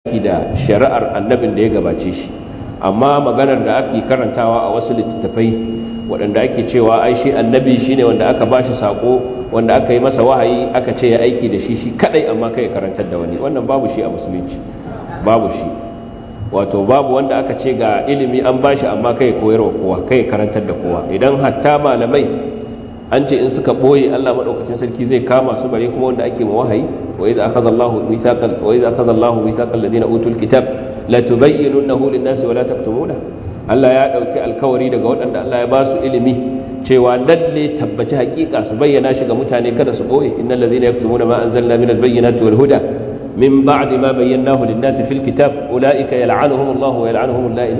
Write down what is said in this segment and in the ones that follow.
aiki da shari'ar annabin da ya gabace shi amma maganar da ake karantawa a wasu littattafai waɗanda ake cewa ai shi annabi shi ne wanda aka ba shi sako wanda aka yi masa wahayi aka ce ya aiki da shi shi kadai amma kai karantar da wani wannan babu shi a musulunci babu shi wato babu wanda aka ce ga ilimi an ba shi amma kai koyarwa kowa kai karantar da kowa idan hatta malamai an ce in suka boye Allah madaukakin sarki zai kama su bare kuma wanda ake ma wahayi وإذا أخذ الله ميثاق وإذا أخذ الله ميثاق الذين أوتوا الكتاب لا للناس ولا تكتمونه Allah ya ɗauki alkawari daga waɗanda Allah ya ba su ilimi cewa lalle tabbaci hakika su bayyana shi ga mutane kada su ɓoye innal ladzina yaktumuna ma anzalna min albayyinati wal huda min ba'adi ma bayyanahu lin-nasi fil kitab ulaika yal'anuhum Allah wa yal'anuhum al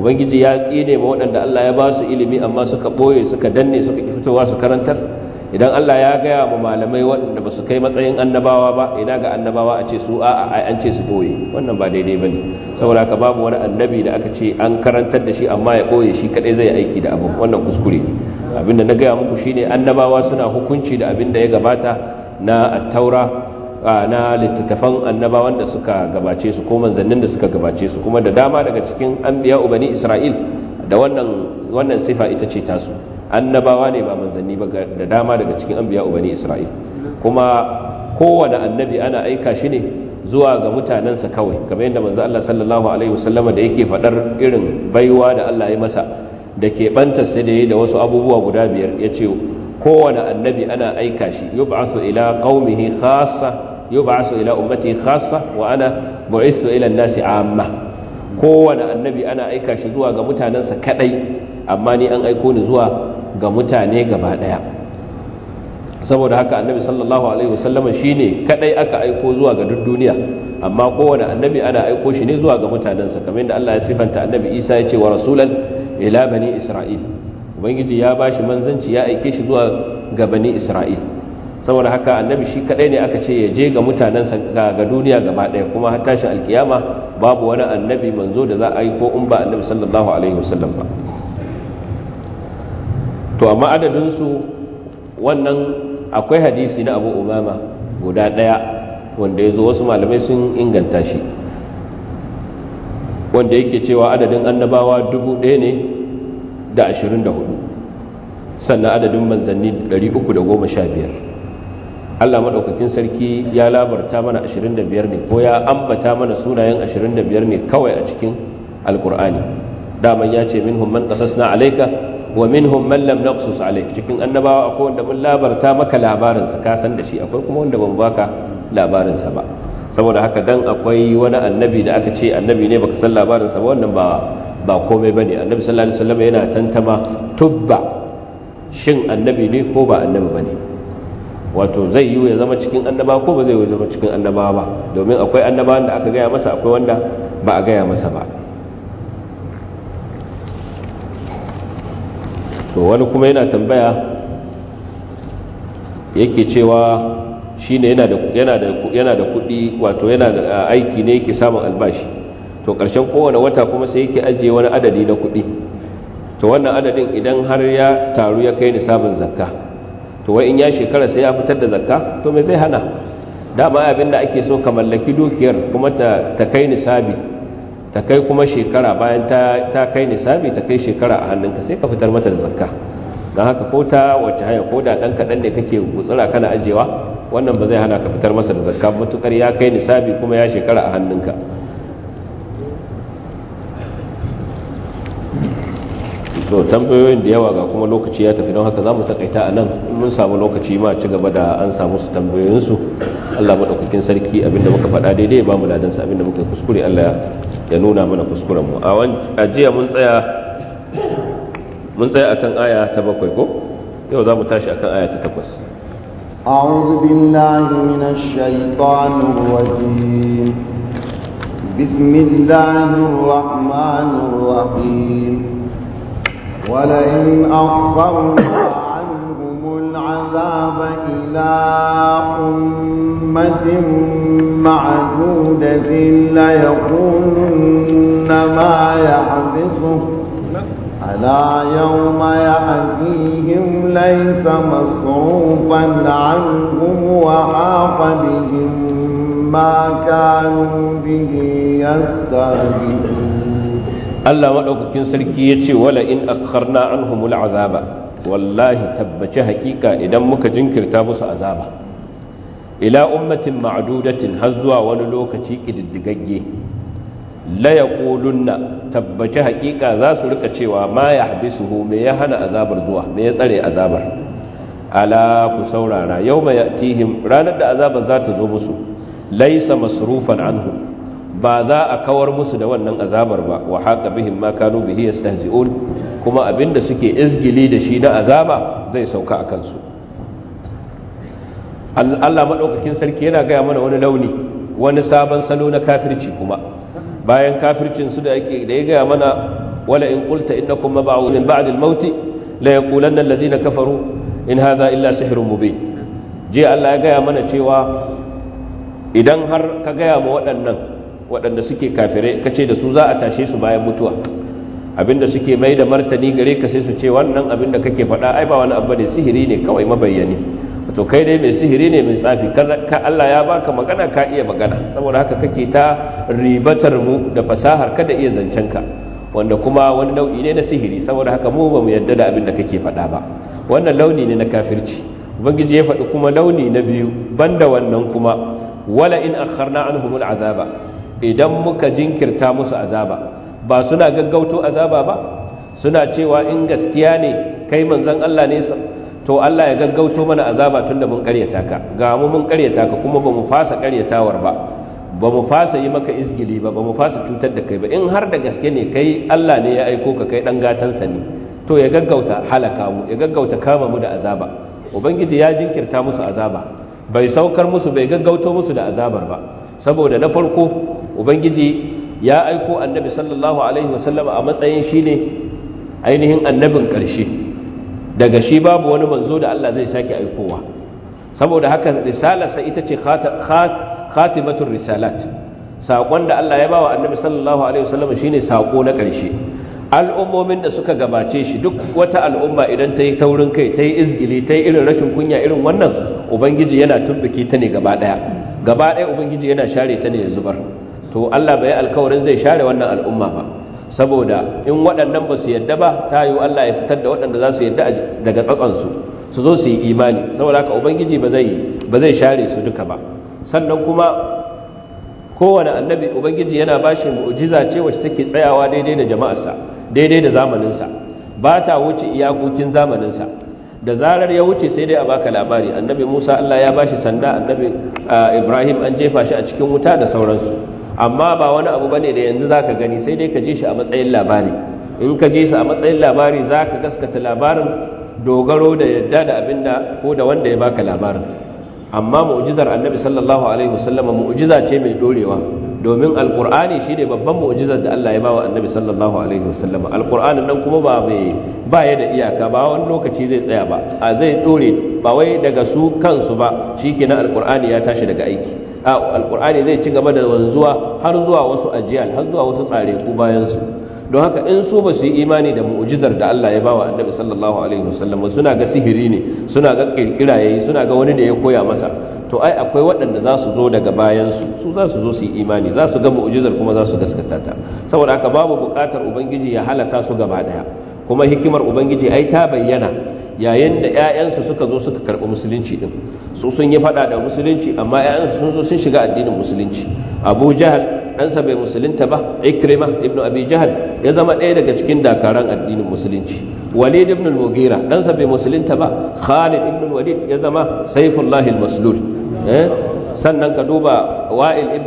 ubangiji ya tsine ma waɗanda Allah ya ba su ilimi amma suka ɓoye suka danne suka ki fitowa su karantar idan Allah ya gaya ma malamai waɗanda ba su kai matsayin annabawa ba ina ga annabawa a ce su a'a ai an ce su boye wannan ba daidai ba ne. saboda ka babu wani annabi da aka ce an karantar da shi amma ya boye shi kadai zai aiki da abin wannan kuskure abin da na gaya muku shi ne annabawa suna hukunci da abin da ya gabata na taura na littattafan annabawan da suka gabace su ko manzannin da suka gabace su kuma da dama daga cikin anbiya ubani isra'il da wannan sifa ita ce tasu annabawa ne ba manzanni ba da dama daga cikin anbiya ubani isra'il kuma kowane annabi ana aika shi ne zuwa ga mutanensa kawai kamar yadda manzo Allah sallallahu alaihi wasallama da yake fadar irin baiwa da Allah ya masa da ke banta sai da yayi da wasu abubuwa guda biyar yace kowane annabi ana aika shi yub'asu ila qaumihi khassa yub'asu ila ummati khassa wa ana bu'istu ila an-nasi amma kowane annabi ana aika shi zuwa ga mutanensa kadai amma ni an aiko ni zuwa ga mutane gaba daya saboda haka annabi sallallahu alaihi wasallama shine kadai aka aiko zuwa ga duk duniya amma kowane annabi ana aiko shi ne zuwa ga mutanensa kamar yadda Allah ya sifanta annabi Isa ya ce wa rasulan ila bani Isra'il ubangiji ya bashi manzanci ya aike shi zuwa ga bani Isra'il saboda haka annabi shi kadai ne aka ce ya je ga mutanensa ga duniya gaba daya kuma har tashin alkiyama babu wani annabi manzo da za a aiko in ba annabi sallallahu alaihi wasallam ba to amma adadinsu wannan akwai hadisi na abu umama guda ɗaya wanda ya zo wasu malamai sun inganta shi wanda yake cewa adadin annabawa dubu ne da ashirin sannan adadin manzanni ɗari uku da allah maɗaukakin sarki ya labarta mana ashirin ne ko ya ambata mana sunayen ashirin ne kawai a cikin alkur'ani daman ya ce min humman ƙasas na alaika wa minhum man lam naqsus alayh cikin annabawa akwai wanda mun labarta maka labarin sa ka da shi akwai kuma wanda ban baka labarin sa ba saboda haka dan akwai wani annabi da aka ce annabi ne baka san labarin sa ba wannan ba ba komai bane annabi sallallahu alaihi wasallam yana tantama tubba shin annabi ne ko ba annabi bane wato zai yi ya zama cikin annaba ko ba zai yi ya zama cikin annaba ba domin akwai annabawan da aka gaya masa akwai wanda ba a gaya masa ba to wani kuma yana tambaya yake cewa shi ne yana da kuɗi wato yana da aiki ne yake samun albashi to ƙarshen kowane wata kuma sai yake ajiye wani adadi na kuɗi to wannan adadin idan har ya taru ya kai nisabin zakka to wai in ya shekara sai ya fitar da zakka to me zai hana dama abin da ake so ka mallaki dukiyar kuma ta kai nisabi ta kai kuma shekara bayan ta kai nisabi ta kai shekara a hannunka sai ka fitar mata da zakka don haka ko ta wace haya ko da ɗan kaɗan ne kake gutsura kana ajiyewa wannan ba zai hana ka fitar masa da zakka matukar ya kai nisabi kuma ya shekara a hannunka so tambayoyin da yawa ga kuma lokaci ya tafi don haka za mu takaita a nan mun samu lokaci ma ci gaba da an samu su tambayoyinsu allah maɗaukakin sarki abinda muka faɗa daidai ba mu ladansa abinda muka kuskure allah ya nuna mana kuskuren mu a jiya mun tsaya mun tsaya akan aya ta bakwai ko yau za mu tashi akan aya ta takwas أعوذ بالله من الشيطان الرجيم بسم الله الرحمن الرحيم ولئن أخرنا العذاب إلى أمة معدودة ليقولن ما يحبسه ألا يوم يأتيهم ليس مصروفا عنهم وحاق بهم ما كانوا به يستهزئون الله وعوك كن سلكي يتي ولئن أخرنا عنهم العذاب wallahi tabbaci hakika idan muka jinkirta musu azaba ila ummatin ma'dudatin har zuwa wani lokaci kididdigagge la yaqulunna tabbaci hakika za su rika cewa ma ya yahbisuhu me ya hana azabar zuwa me ya tsare azabar ala ku saurara yawma ya'tihim ranar da azabar za ta zo musu Laisa masrufan anhu ba za a kawar musu da wannan azabar ba wa haka bihin ma kanu bihi yastahzi'un kuma abinda suke izgili da shi na azaba zai sauka a kansu Allah madaukakin sarki yana gaya mana wani launi wani sabon salo na kafirci kuma bayan kafircin su da yake da ya gaya mana wala in qulta innakum mab'ud min ba'd al-maut la yaqulanna alladhina kafaru in hadha illa sihrun mubin je Allah ya gaya mana cewa idan har ka gaya ma waɗannan waɗanda suke kafire, ka ce da su za a tashe su bayan mutuwa abinda suke mai da martani gare ka sai su ce wannan abinda kake faɗa ai ba wani abu ne sihiri ne kawai mabayyani to kai dai mai sihiri ne mai tsafi ka Allah ya baka magana ka iya magana saboda haka kake ta ribatar mu da fasahar ka da iya zancen ka wanda kuma wani nau'i ne na sihiri saboda haka mu ba mu yadda da abinda kake faɗa ba wannan launi ne na kafirci ubangiji ya faɗi kuma launi na biyu banda wannan kuma wala in akharna anhumul azaba idan muka jinkirta musu azaba ba suna gaggauto azaba ba suna cewa in gaskiya ne kai manzon Allah ne to Allah ya gaggauto mana azaba tun da mun karyata ka ga mu mun karyata ka kuma ba mu fasa karyatawar ba bamu fasa yi maka izgili ba bamu fasa cutar da kai ba in har da gaske ne kai Allah ne ya aiko ka kai dan sa ne to ya gaggauta halaka mu ya gaggauta kama mu da azaba ubangiji ya jinkirta musu azaba bai saukar musu bai gaggauto musu da azabar ba saboda na farko ubangiji ya aiko annabi sallallahu alaihi wasallama a matsayin shine ainihin annabin ƙarshe daga shi babu wani manzo da Allah zai sake aikowa saboda haka risalarsa ita ce khatimatul risalat saƙon da Allah ya ba wa annabi sallallahu alaihi wasallama shine saƙo na ƙarshe al'ummomin da suka gabace shi duk wata al'umma idan ta yi taurin kai ta yi izgili ta yi irin rashin kunya irin wannan ubangiji yana tumbuke ta ne gaba ɗaya gaba ɗaya ubangiji yana share ta ne ya zubar to Allah bai alkawarin zai share wannan al'umma ba saboda in waɗannan ba su yadda ba ta yi Allah ya fitar da waɗanda za su yadda daga tsatsansu su zo su yi imani saboda haka ubangiji ba zai share su duka ba sannan kuma kowane annabi ubangiji yana ba shi mu'jiza ce wacce take tsayawa daidai da jama'arsa daidai da zamaninsa ba ta wuce iyakokin zamaninsa da zarar ya wuce sai dai a baka labari annabi musa allah ya ba shi sanda annabi ah, ibrahim an jefa shi a cikin wuta da sauransu amma ba wani abu bane da yanzu zaka gani sai dai ka ji shi a matsayin labari in ka ji shi a matsayin labari ka gaskata labarin dogaro da yadda da abinda ko da wanda ya baka labarin amma mu'jizar annabi sallallahu alaihi wasallam mu'jiza ce mai dorewa domin alqur'ani ne babban mu'jizar da Allah ya bawa annabi sallallahu alaihi wasallam alqur'anin nan kuma ba mai ba ya da iyaka ba wani lokaci zai tsaya ba a zai dore ba wai daga su kansu ba shi shikenan alqur'ani ya tashi daga aiki alkur'ani zai ci gaba da wanzuwa har zuwa wasu ajiyal har zuwa wasu tsare ku bayan don haka in su ba su yi imani da mu'ujizar da Allah ya ba wa annabi sallallahu alaihi wasallam suna ga sihiri ne suna ga kirkira yayi suna ga wani da ya koya masa to ai akwai waɗanda za su zo daga bayansu su su za su zo su yi imani za su ga mu'ujizar kuma za su gaskata ta saboda haka babu buƙatar ubangiji ya halaka su gaba daya kuma hikimar ubangiji ai ta bayyana yayin da 'ya'yansa suka zo suka karɓi musulunci ɗin su sun yi faɗa da musulunci amma 'ya'yansa sun zo sun shiga addinin musulunci abu jihar ɗansa bai musulunta ba ikrima ibn abi jahal ya zama ɗaya daga cikin dakaran addinin musulunci walid ibn al-mughira ɗansa bai musulunta ba khalid ibn walid ya zama saifullahi maslul eh? sannan ka duba wa'il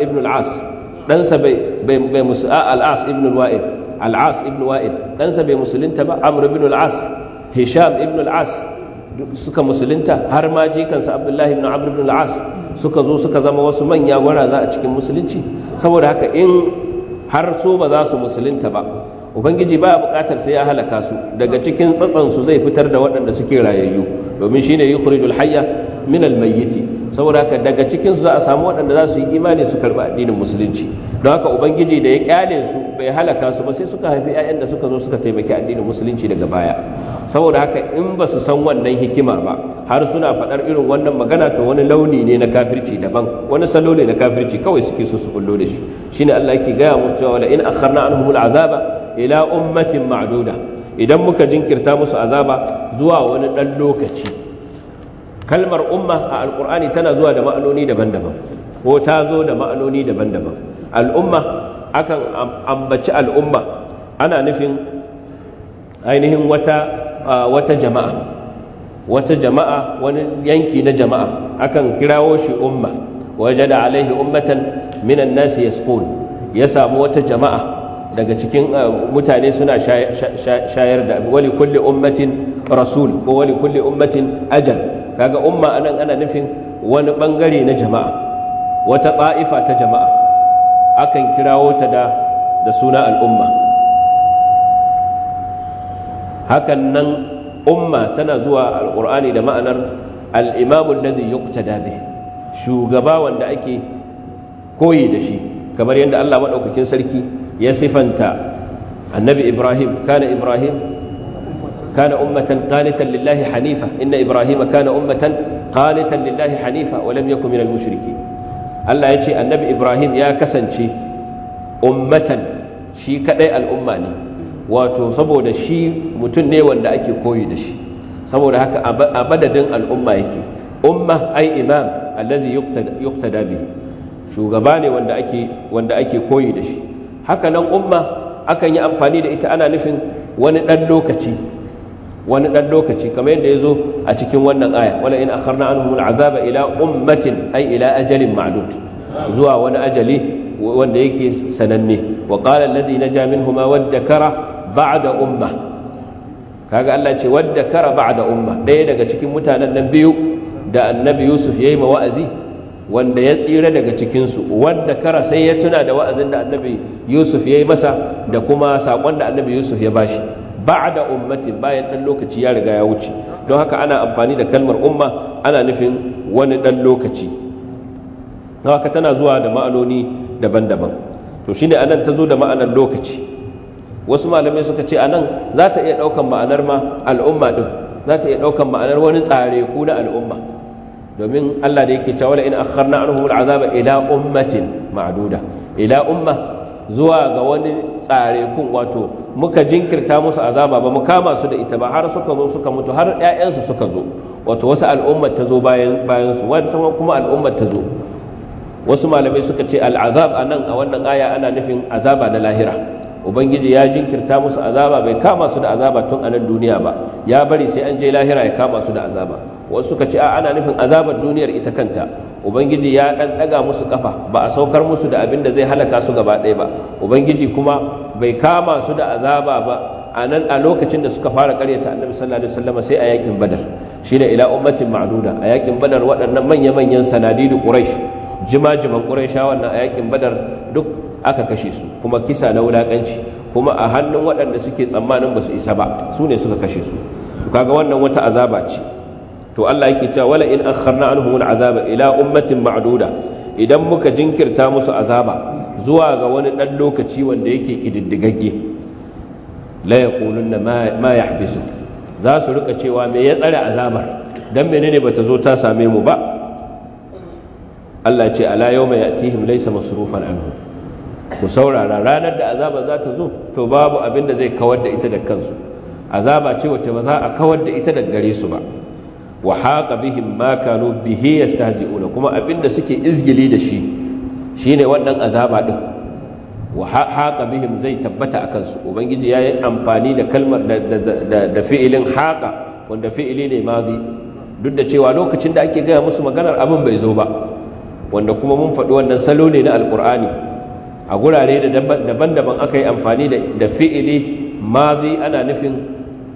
ibn ah, al-as ɗansa bai bai musa ah, al-as ibn wail al'as ibn wa'il ɗansa bai musulunta ba amr ibn al'as hisham ibn al'as suka musulunta har ma jikansa abdullahi ibn amr ibn al'as suka zo suka zama wasu manya gwaraza a cikin musulunci saboda haka in har su ba za su musulunta ba ubangiji ba a buƙatar sai ya halaka su daga cikin tsatsansu zai fitar da waɗanda suke rayayyu domin shine yukhrijul hayya min al mayyiti saboda haka daga cikinsu za a samu waɗanda za su yi imani su karɓi addinin musulunci don haka ubangiji da ya kyale su bai halaka su ba sai suka haifi 'ya'yan da suka zo suka taimaki addinin musulunci daga baya saboda haka in ba su san wannan hikima ba har suna faɗar irin wannan magana to wani launi ne na kafirci daban wani salo ne na kafirci kawai suke so su kullo da shi shine Allah yake gaya musu cewa la in akharna anhum azaba ila ummatin ma'duda idan muka jinkirta musu azaba zuwa wani dan lokaci kalmar umma a alkur'ani tana zuwa da ma'anoni daban-daban ko ta zo da ma'anoni daban-daban al'umma akan ambaci al'umma ana nufin ainihin wata wata jama'a wata jama'a wani yanki na jama'a akan kirawo shi umma wajada alaihi ummatan minan nasi ya samu wata jama'a daga cikin mutane suna shayar da wali kulli ummatin rasul ko wali kulli ummatin ajal kaga umma anan ana nufin wani bangare na jama'a wata ta'ifa ta jama'a akan kirawo ta da da suna al'umma hakan nan umma tana zuwa alqur'ani da ma'anar al-imamu alladhi yuqtada bih shugaba wanda ake koyi da shi kamar yadda Allah madaukakin sarki ya sifanta annabi Ibrahim kana Ibrahim kana ummatan qanitan lillahi hanifa inna ibrahima kana ummatan qanitan lillahi hanifa wa lam yakun minal mushriki Allah ya ce annabi ibrahim ya kasance ummatan shi kadai al'umma ne wato saboda shi mutum ne wanda ake koyi da shi saboda haka a madadin al'umma yake umma ai imam allazi yuqtada bihi shugaba ne wanda ake koyi da shi haka nan umma akan yi amfani da ita ana nufin wani ɗan lokaci wani dan lokaci kamar yadda ya zo a cikin wannan aya wala in akharna anhum azaba ila ummatin ay ila ajalin ma'dud zuwa wani ajali wanda yake sananne wa jamin huma wadda minhuma waddakara da umma kaga Allah ce waddakara ba'da umma daya daga cikin mutanen nan biyu da annabi Yusuf yi ma wa'azi wanda ya tsira daga cikinsu wadda kara sai ya tuna da wa'azin da annabi yusuf ya yi masa da kuma saƙon da annabi yusuf ya bashi ba'da ummatin bayan dan lokaci ya riga ya wuce don haka ana amfani da kalmar umma ana nufin wani dan lokaci haka tana zuwa da ma'anoni daban-daban to shine anan ta zo da ma'anar lokaci wasu malamai suka ce anan za ta iya daukan ma'anar ma al'umma din za ta iya daukan ma'anar wani tsare ku na al'umma domin Allah da yake cewa in akharna anhum al'azaba ila ummatin ma'duda ila umma zuwa ga wani tsare kun wato muka jinkirta musu azaba ba mu kama su da ita ba har suka zo suka mutu har ƴaƴansu suka zo wato wasu al'ummar ta zo bayan su wata kuma al'ummar ta zo wasu malamai suka ce al'azab a nan a wannan aya ana nufin azaba da lahira ubangiji ya jinkirta musu azaba bai kama su da azaba tun a nan duniya ba ya bari sai an je lahira ya kama su da azaba wasu suka ce a ana nufin azabar duniyar ita kanta ubangiji ya dan daga musu kafa ba a saukar musu da abin da zai halaka su gaba ɗaya ba ubangiji kuma bai kama su da azaba ba a nan a lokacin da suka fara karyata annabi sallallahu alaihi wasallam sai a yakin badar shine ila ummatin ma'duda a yakin badar waɗannan manya-manyan sanadidu quraish jima-jiman quraishawan nan a yakin badar duk aka kashe su kuma kisa na wulakanci kuma a hannun waɗanda suke tsammanin ba su isa ba su ne suka kashe su kaga wannan wata azaba ce to Allah yake cewa wala in akharna na azaba ila ummatin ma'duda idan muka jinkirta musu azaba zuwa ga wani dan lokaci wanda yake kididdigagge la yaqulunna ma yahbisu za su rika cewa me ya tsare azabar dan menene bata zo ta same mu ba Allah ce ala yawma ya'tihim laysa masrufan anhum ku saurara ranar da azaba za ta zo to babu abin da zai kawar da ita da kansu azaba ce wacce ba za a kawar da ita da gare su ba wa haqa bihim ma kanu bihi yastahzi'una kuma abin da suke izgili da shi shine wannan azaba din wa haqa bihim zai tabbata a su ubangiji yayi amfani da kalmar da da fi'ilin haqa wanda fi'ili ne madi duk da cewa lokacin da ake gaya musu maganar abin bai zo ba wanda kuma mun faɗi wannan salo ne na alqur'ani a gurare daban-daban aka yi amfani da fi'ili mazi ana nufin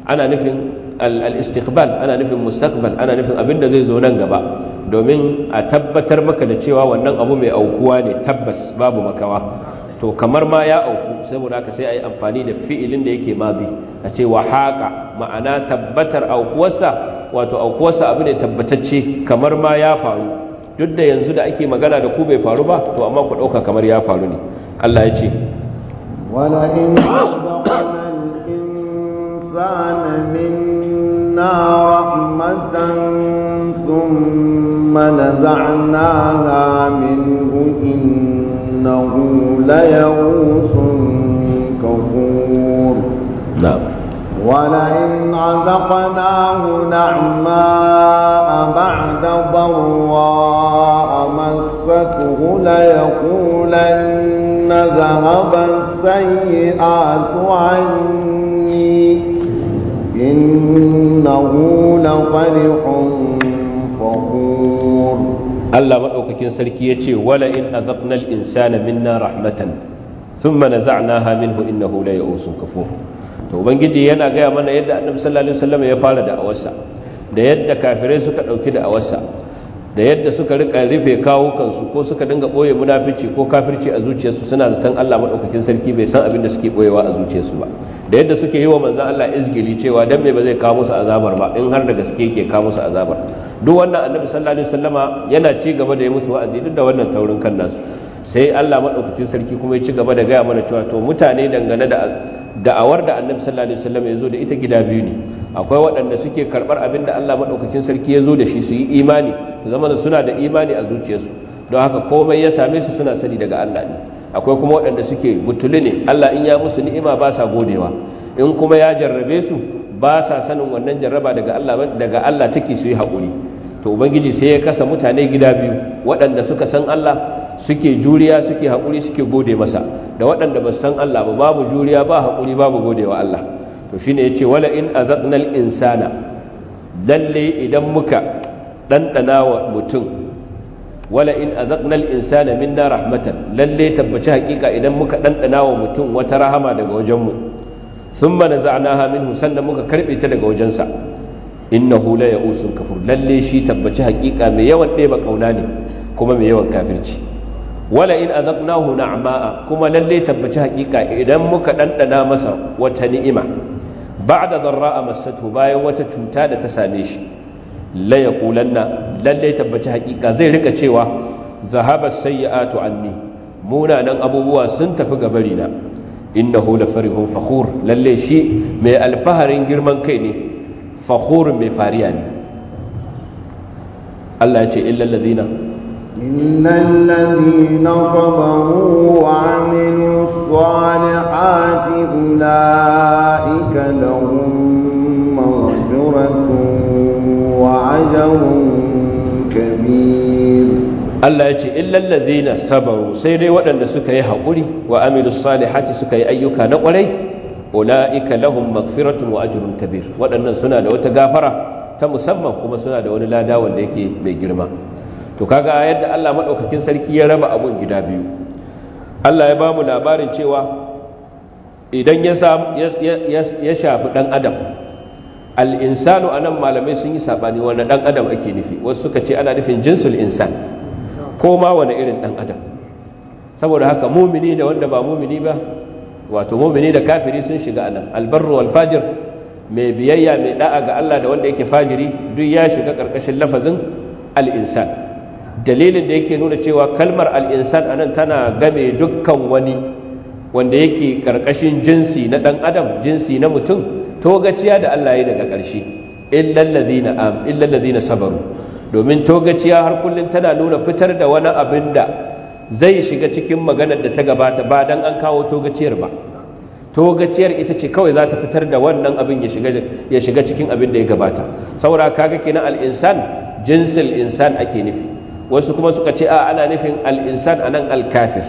ana nufin al ana nufin mustaqbal ana nufin abin da zai zo nan gaba domin a tabbatar maka da cewa wannan abu mai aukuwa ne tabbas babu makawa to kamar ma ya auku saboda haka sai a yi amfani da fi'ilin da yake mazi a ce wa haka ma'ana tabbatar aukuwarsa wato aukuwarsa abu ne tabbatacce kamar ma ya faru duk da yanzu da ake magana da ku bai faru ba to amma ku dauka kamar ya faru ne Allah ya ce wala in zaqanal insana minna rahmatan thumma nazanaha minhu innahu layusun ولئن عذقناه نعماء بعد ضراء مسته ليقولن ذهب السيئات عني إنه لفرح فخور الله مدوكاكين سركي يتي ولئن أذقنا الإنسان منا رحمة ثم نزعناها منه إنه ليئوس كفور to ubangiji yana gaya mana yadda annabi sallallahu alaihi wasallam ya fara da'awarsa da yadda kafirai suka dauki da'awarsa da yadda suka rika rufe kawo kansu ko suka dinga boye munafici ko kafirci a zuciyarsu suna zaton Allah madaukakin sarki bai san abin da suke boyewa a zuciyarsu ba da yadda suke yi wa manzon Allah izgili cewa dan me ba zai kawo musu azabar ba in har da gaske yake kawo musu azabar duk wannan annabi sallallahu alaihi wasallama yana ci gaba da yi musu wa'azi duk da wannan taurin kan nasu sai Allah madaukakin sarki kuma ya ci gaba da gaya mana cewa to mutane dangane da da'awar da annabi sallallahu alaihi wasallam ya zo da ita gida biyu ne akwai waɗanda suke karɓar abin da Allah madaukakin sarki ya zo da shi su yi imani zama suna da imani a zuciyarsu don haka komai ya same su suna sani daga Allah ne akwai kuma waɗanda suke mutuli ne Allah in ya musu ni'ima ba sa godewa in kuma ya jarrabe su ba sa sanin wannan jarraba daga Allah daga Allah take su yi haƙuri to ubangiji sai ya kasa mutane gida biyu waɗanda suka san Allah suke juriya suke hakuri suke gode masa da waɗanda ba san Allah ba babu juriya ba haƙuri babu godewa Allah to ya ce wala in azaqnal insana lalle idan muka dandana wa mutum wala in insana minna rahmatan lalle tabbaci hakika idan muka dandana wa mutum wata rahama daga wajen mu zana hamin minhu sannan muka karbe ta daga wajen sa innahu la ya'usun kafur lalle shi tabbaci hakika mai yawan ɗeba ƙauna ne kuma mai yawan kafirci wala in azaqnahu na'ma'a kuma lalle tabbaci hakika idan muka dandana masa wata ni'ima ba'da dharra'a massatu bayan wata cuta da ta same shi la yaqulanna lalle tabbaci hakika zai rika cewa zahaba sayyi'atu anni munanan abubuwa sun tafi gabari na innahu la farihun fakhur lalle shi mai alfaharin girman kai ne fakhur mai fariya ne Allah ya ce illal ladina إلا الذين قبروا وعملوا الصالحات أولئك لهم مغفرة وعجر كبير الله إلا الذين صبروا سيري ودن سكي هقولي وعملوا الصالحات سكي أيك نقولي أولئك لهم مغفرة وأجر كبير ودن سنة لو تقافرة تمسمم كما سنة لو لا داون ليكي بيجرمان to kaga yadda Allah madaukakin sarki ya raba abun gida biyu Allah ya bamu labarin cewa idan ya shafi dan adam al-insanu anan malamai sun yi sabani wanda dan adam ake nufi wasu suka ce ana nufin jinsul insan ko ma wani irin dan adam saboda haka mumini da wanda ba mumini ba wato mumini da kafiri sun shiga anan albarru wal fajir mai biyayya mai da'a ga Allah da wanda yake fajiri duk ya shiga karkashin lafazin al-insan dalilin da yake nuna cewa kalmar al'insan a nan tana game dukkan wani wanda yake ƙarƙashin jinsi na ɗan adam jinsi na mutum togaciya da Allah ya daga ƙarshe illallazi na sabaru domin togaciya har kullum tana nuna fitar da wani abin da zai shiga cikin maganar da ta gabata ba don an kawo togaciyar ba togaciyar ita ce kawai za ta fitar da wannan abin ya shiga cikin abin da ya gabata saura kaga kenan al'insan jinsin insan ake nufi wasu kuma suka ce a ana nufin al'insan a nan alkafir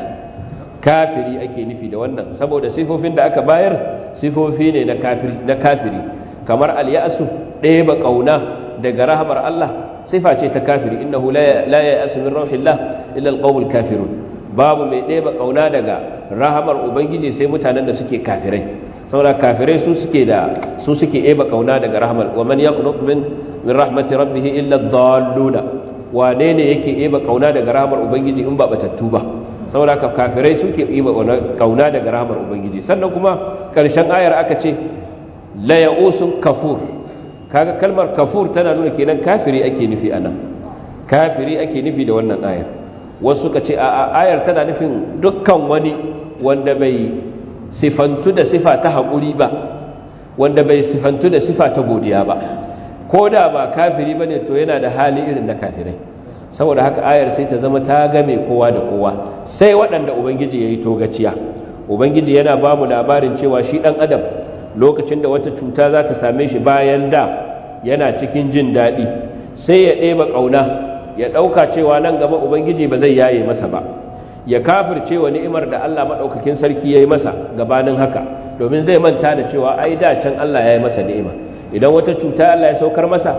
kafiri ake nufi da wannan saboda sifofin da aka bayar sifofi ne na kafiri kamar al'yasu ɗaya ba ƙauna daga rahamar Allah sifa ce ta kafiri inna la ya yasu min rauhillah illa alqawmul babu mai ɗaya ba ƙauna daga rahamar ubangiji sai mutanen da suke kafirai saboda kafirai su suke da su suke ɗaya ba ƙauna daga rahamar wa man yaqnut min min rahmati rabbihi illa ad-dalluna wane ne yake iba kauna daga rahamar ubangiji in ba batattu ba saboda ka kafirai suke eba kauna daga rahamar ubangiji sannan kuma ƙarshen ayar aka ce layausun ya'usun kafur kaga kalmar kafur tana nuna kenan kafiri ake nufi anan kafiri ake nufi da wannan ayar wasu kace ce a ayar tana nufin dukkan wani wanda bai sifantu da sifa ta haƙuri ba wanda bai sifantu da sifa ta godiya ba ko da ba kafiri ba ne to yana da hali irin na kafirai saboda haka ayar sai ta zama ta ga mai kowa da kowa sai waɗanda ubangiji ya yi togaciya ubangiji yana ba mu labarin cewa shi ɗan adam lokacin da wata cuta za ta same shi bayan da yana cikin jin daɗi sai ya ɗeba ƙauna ya ɗauka cewa nan gaba ubangiji ba zai yaye masa ba ya kafirce wa ni'imar da Allah maɗaukakin sarki ya yi masa gabanin haka domin zai manta da cewa ai da can Allah ya yi masa ni'ima idan wata cuta Allah ya saukar masa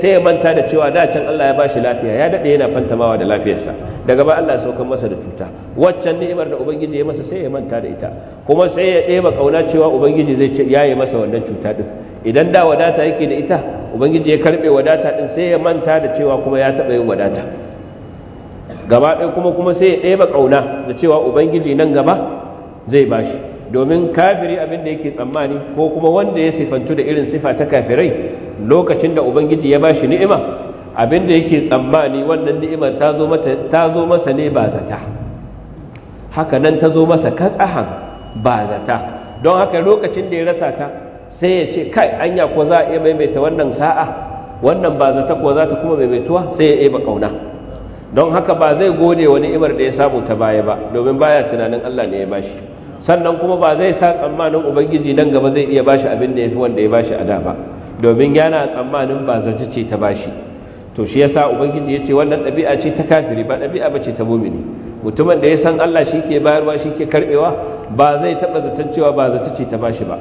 sai ya manta da cewa da can Allah ya bashi lafiya ya dade yana fantamawa da lafiyarsa daga ba Allah ya saukar masa da cuta waccan ni'imar da ubangiji ya masa sai ya manta da ita kuma sai ya ɗeba kauna cewa ubangiji zai ce yayi masa wannan cuta din idan da wadata yake da ita ubangiji ya karɓe wadata din sai ya manta da cewa kuma ya taba yin wadata gaba ɗaya kuma kuma sai ya ɗeba kauna da cewa ubangiji nan gaba zai ba shi. domin kafiri abin da yake tsammani ko kuma wanda ya sifantu da irin sifa ta kafirai lokacin da ubangiji ya ba shi ni'ima abin da yake tsammani wannan ni'ima ta zo masa ne ba zata haka nan ta zo masa katsahan ba zata don haka lokacin da ya rasa ta sai ya ce kai anya ko za a iya maimaita wannan sa'a wannan ba zata ko za ta kuma maimaituwa sai ya eba kauna don haka ba zai gode wa ni'imar da ya samu ta baya ba domin baya tunanin Allah ne ya bashi sannan kuma ba zai sa tsammanin ubangiji nan gaba zai iya bashi abin da ya fi wanda ya bashi a da ba domin yana tsammanin ba zaci ce ta bashi to shi yasa ubangiji ya ce wannan ɗabi'a ce ta kafiri ba ɗabi'a ba ce ta mumini mutumin da ya san Allah shi ke bayarwa shi ke karɓewa ba zai taɓa zaton cewa ba zata ce ta bashi ba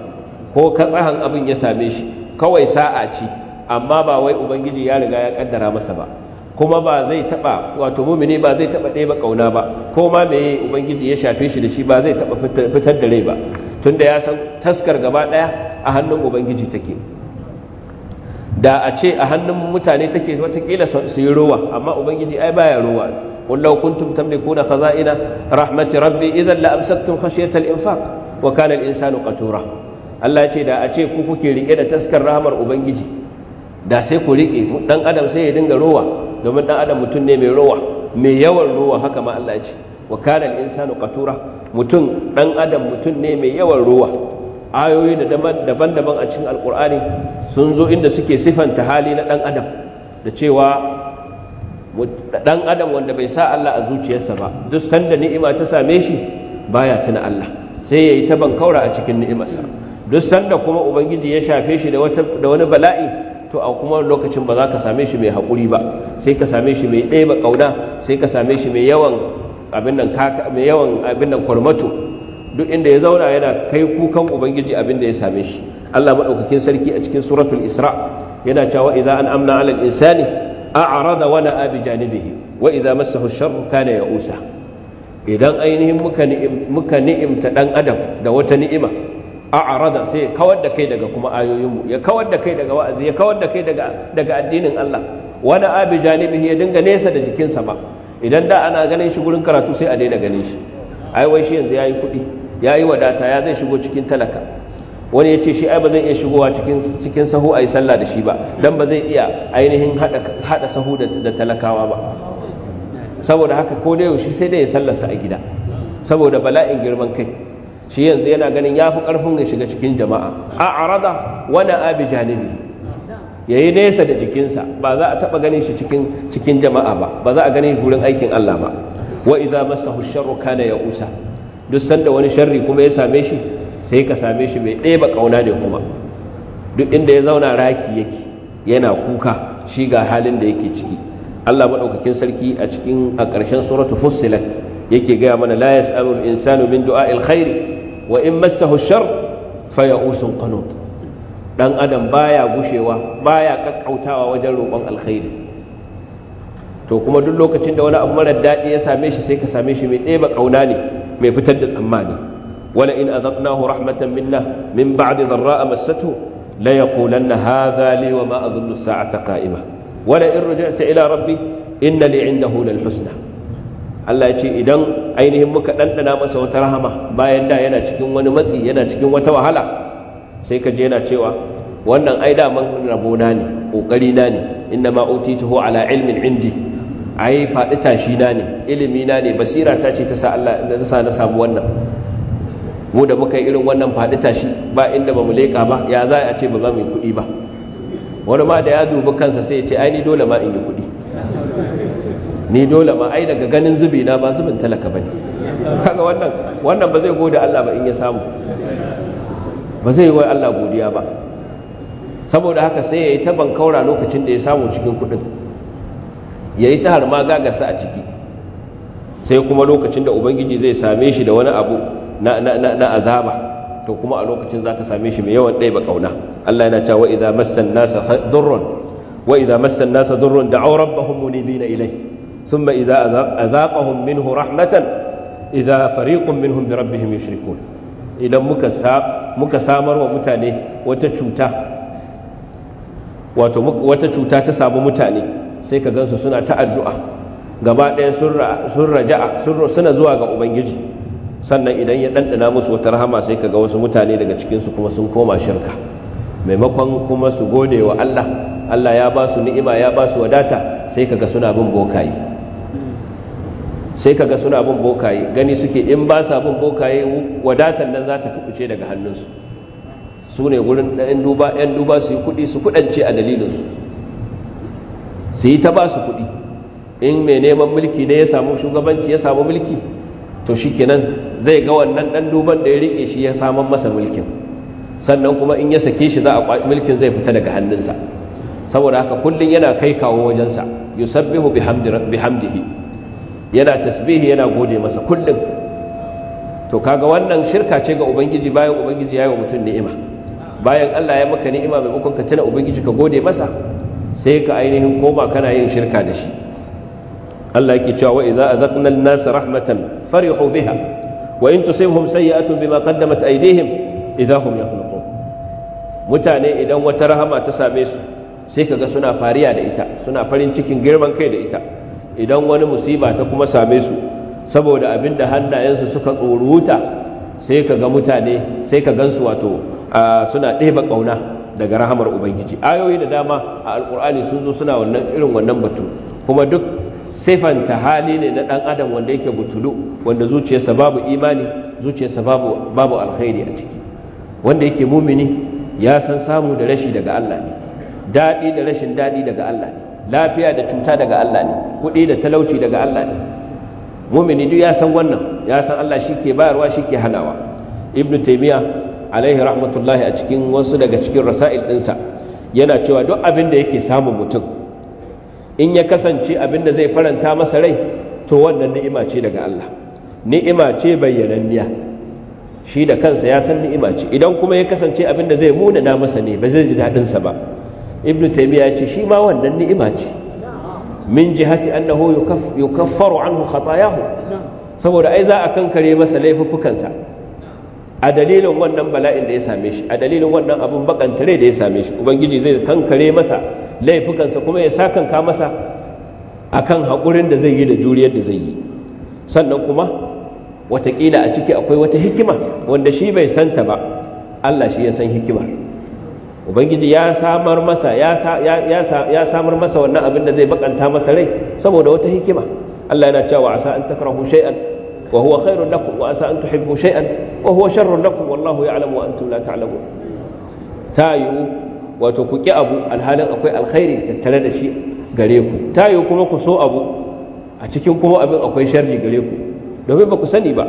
ko katsahan abin ya same shi kawai sa'a ce amma ba wai ubangiji ya riga ya ƙaddara masa ba kuma ba zai taba wato mumini ba zai taba ɗaya ba ƙauna ba ko ma meye ubangiji ya shafe shi da shi ba zai taba fitar da rai ba tunda ya san taskar gaba ɗaya a hannun ubangiji take da a ce a hannun mutane take watakila su yi rowa amma ubangiji ai baya rowa قل khaza'ina كنتم rabbi idan la ربي إذا in infaq wa kana al insanu qatura Allah ya ce da a ce ku kuke rike da da taskar Ubangiji sai ku rike ɗan adam sai ya dinga rowa domin dan adam mutum ne mai rowa mai yawan rowa haka ma Allah ya ce wa kana al-insanu qatura mutum dan adam mutum ne mai yawan rowa ayoyi daban-daban a cikin alkur'ani sun zo inda suke sifanta hali na dan adam da cewa dan adam wanda bai sa Allah a zuciyarsa ba duk sanda ni'ima ta same shi baya tuna Allah sai yayi ta kaura a cikin ni'imarsa duk sanda kuma ubangiji ya shafe shi da wani bala'i to a kuma lokacin ba za ka same shi mai haƙuri ba sai ka same shi mai ɗaya ba ƙauna sai ka same shi mai yawan abin nan kwarmato duk inda ya zauna yana kai kukan ubangiji abin da ya same shi allah maɗaukakin sarki a cikin suratul isra yana cewa idan an amna alal insani a'rada wani na'a bi janibihi wa idza massahu sharru kana ya'usa idan ainihin muka ni'imta ɗan adam da wata ni'ima a'rada sai ya kawar da kai daga kuma ayoyinmu ya kawar da kai daga wa'azi ya kawar da kai daga daga addinin Allah wani abi janibi ya dinga nesa da jikinsa ba idan da ana ganin shi gurin karatu sai a daina ganin shi ai wai shi yanzu yayi kuɗi yayi wadata ya zai shigo cikin talaka wani ya ce shi ai ba zai iya shigowa cikin cikin sahu ai sallah da shi ba dan ba zai iya ainihin hada hada sahu da talakawa ba saboda haka ko da shi sai dai ya sallarsa a gida saboda bala'in girman kai shi yanzu yana ganin ya fi ƙarfin ya shiga cikin jama'a a arada wani abi janibi ya yi nesa da jikinsa ba za a taɓa ganin shi cikin jama'a ba ba za a ganin gurin aikin Allah ba wa masa masahu sharru kana ya'usa duk sanda wani sharri kuma ya same shi sai ka same shi mai ɗeba ƙauna ne kuma duk inda ya zauna raki yake yana kuka shi ga halin da yake ciki Allah maɗaukakin sarki a cikin a ƙarshen suratu fussilat yake gaya mana la yas'alu al-insanu min du'a khairi wa in massahu shar fa ya'usun qanut dan adam baya gushewa baya kakkautawa wajen roƙon alkhairi to kuma duk lokacin da wani abu mara daɗi ya same shi sai ka same shi mai ɗeba ƙauna ne mai fitar da tsammani wala in azaqnahu rahmatan minna min ba'di dharra'a massatu la yaqulanna hadha li wa ma adhunnu as-sa'ata qa'ima wala in raja'ta ila rabbi inna li 'indahu lal husna Allah ya ce idan ainihin muka ɗanɗana masa wata rahama bayan da yana cikin wani matsi yana cikin wata wahala sai ka je yana cewa wannan ai daman rabona ne ƙoƙari na ne inna ma utituhu ala ilmin indi ai faɗi tashi na ne ilimi na ne basira ta ce ta sa Allah ta sa na samu wannan mu da muka yi irin wannan faɗi tashi ba inda ba mu leƙa ba ya za a ce ba za yi kuɗi ba wani ma da ya dubi kansa sai ya ce ai ni dole ma in yi kuɗi ni dole ma ai daga ganin zubi na ba zubin talaka bane kaga wannan wannan ba zai gode Allah ba in ya samu ba zai wa Allah godiya ba saboda haka sai yayi ta bankaura lokacin da ya samu cikin kudin yayi ta harma gagasa a ciki sai kuma lokacin da ubangiji zai same shi da wani abu na na na, na azaba to kuma a lokacin zaka same shi mai yawan dai ba kauna Allah yana cewa idza massan nasa dhurrun wa idza massan nasa dhurrun da'u rabbahum munibina ilayhi thumma idza azaqahum minhu rahmatan idza fariqun minhum bi rabbihim yushrikun idan muka samar wa mutane wata cuta ta samu mutane sai ka gansu suna ta addu'a gaba ɗaya sun raja'a suna zuwa ga ubangiji sannan idan ya ɗanɗana musu wata rahama sai ka ga wasu mutane daga cikinsu kuma sun koma shirka maimakon kuma su gode wa Allah Allah ya ba su ni'ima ya ba su wadata sai kaga suna bin bokaye sai ka ga suna bin bokaye gani suke in ba sa bin bokaye wadatar nan za ta kubuce daga hannunsu su ne wurin ɗan duba ɗan duba su yi kuɗi su kuɗance a dalilinsu su yi ta ba su kuɗi in mai neman mulki ne ya samu shugabanci ya samu mulki to shi kenan zai ga wannan ɗan duban da ya riƙe shi ya saman masa mulkin sannan kuma in ya sake shi za a mulkin zai fita daga hannunsa saboda haka kullum yana kai kawo wajensa yusabbihu bihamdihi yana tasbihi yana gode masa kullum to kaga wannan shirka ce ga ubangiji bayan ubangiji ya yi wa mutum ni'ima bayan Allah ya maka ni'ima mai ka tuna ubangiji ka gode masa sai ka ainihin koma kana yin shirka da shi Allah ke cewa wa idza azaqna an-nas rahmatan farihu biha wa in tusibhum sayi'atun bima qaddamat aydihim idza yaqnutun mutane idan wata rahama ta same su sai kaga suna fariya da ita suna farin cikin girman kai da ita idan wani musiba ta kuma same su saboda abinda da hannayensu suka tsoruta sai ka ga mutane sai ka gansu wato suna ɗeba ƙauna daga rahamar ubangiji ayoyi da dama a alƙur'ani sun zo suna wannan irin wannan batu kuma duk saifanta hali ne na ɗan adam wanda yake butulu wanda zuciyarsa babu imani zuciyarsa babu babu alkhairi a ciki wanda yake mumini ya san samu da rashi daga Allah ne daɗi da rashin daɗi daga Allah ne lafiya da cuta daga Allah ne kuɗi da talauci daga Allah ne mumini duk ya san wannan ya san Allah shi ke bayarwa shi ke hanawa ibn taimiyya alaihi rahmatullahi a cikin wasu daga cikin rasa'il dinsa yana cewa duk abin da yake samun mutum in ya kasance abin da zai faranta masa rai to wannan ni'ima ce daga Allah ni'ima ce bayyananniya shi da kansa ya san ni'ima ce idan kuma ya kasance abin da zai muna na masa ne ba zai ji sa ba ibn taymiya ya ce shi ma wannan ni'ima ce min jihati annahu yukaffaru anhu khatayahu saboda ai za a kankare masa laifuffukansa a dalilin wannan bala'in da ya same shi a dalilin wannan abun bakantare da ya same shi ubangiji zai kankare masa laifukansa kuma ya sakanka masa akan haƙurin da zai yi da juriyar da zai yi sannan kuma watakila a ciki akwai wata hikima wanda shi bai santa ba Allah shi ya san hikimar ubangiji ya samar masa ya samar masa wannan abin da zai bakanta masa rai saboda wata hikima Allah yana cewa asa an takrahu shay'an wa huwa khairun lakum wa asa an tuhibbu shay'an wa huwa sharrun lakum wallahu ya'lamu wa antum la ta'lamun tayu wato ku ki abu alhalin akwai alkhairi tattare da shi gare ku tayu kuma ku so abu a cikin kuma abin akwai sharri gare ku domin ba ku sani ba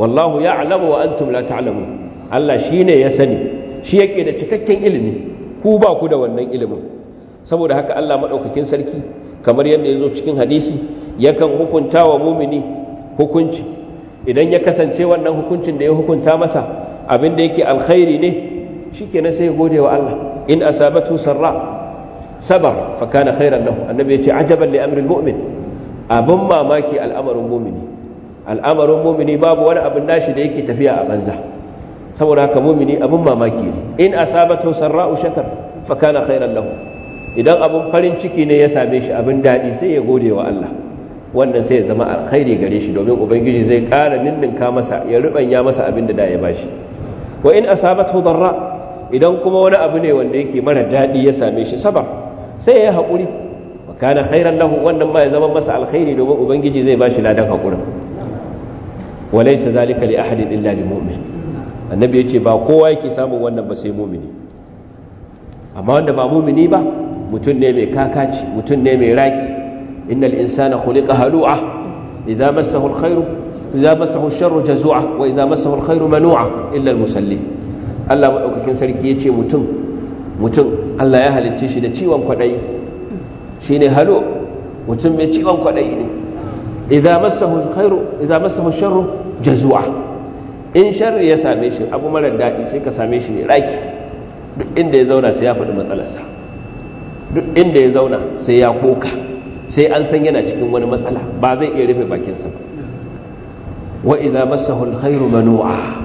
wallahu ya'lamu wa antum la ta'lamun Allah shine ya sani shi yake da cikakken ilimi ku ba ku da wannan ilimin saboda haka Allah maɗaukakin sarki kamar yadda ya zo cikin hadisi yakan hukunta wa mumini hukunci idan ya kasance wannan hukuncin da ya hukunta masa abin da yake alkhairi ne shikenan sai ya gode wa Allah in asabatu sarra sabar fa kana khairan lahu annabi ce ajaban li amri almu'min abin mamaki al'amarin mumini al'amarin mumini babu wani abin nashi da yake tafiya a banza saboda haka mumini abin mamaki ne in asabatu sarra'u shakar fa kana khairan lahu idan abun farin ciki ne ya same shi abin dadi sai ya gode wa Allah wannan sai ya zama alkhairi gare shi domin ubangiji zai ƙara ninninka masa ya rubanya masa abin da da ya bashi wa in asabatu darra idan kuma wani abu ne wanda yake mara dadi ya same shi sabar sai ya haƙuri fa kana khairan lahu wannan ma ya zama masa alkhairi domin ubangiji zai bashi ladan haƙurin wa laysa zalika li ahadin illa lil mu'min annabi ya ce ba kowa yake samun wannan ba sai mumini amma wanda ba mumini ba mutum ne mai kakaci mutum ne mai raki innal insana khuliqa halu'a idza massahu alkhairu idza massahu alsharru jazua wa idza massahu alkhairu manu'a illa almusallin Allah madaukakin sarki ya ce mutum mutum Allah ya halicce shi da ciwon kwadai shine halu mutum mai ciwon kwadai ne idza massahu alkhairu idza massahu alsharru jazua in sharri ya same shi abu marar daɗi sai ka same shi ne raki duk inda ya zauna sai ya faɗi matsalarsa duk inda ya zauna sai ya koka sai an san yana cikin wani matsala ba zai iya rufe bakinsa ba Wa'iza idza massahu alkhairu manu'a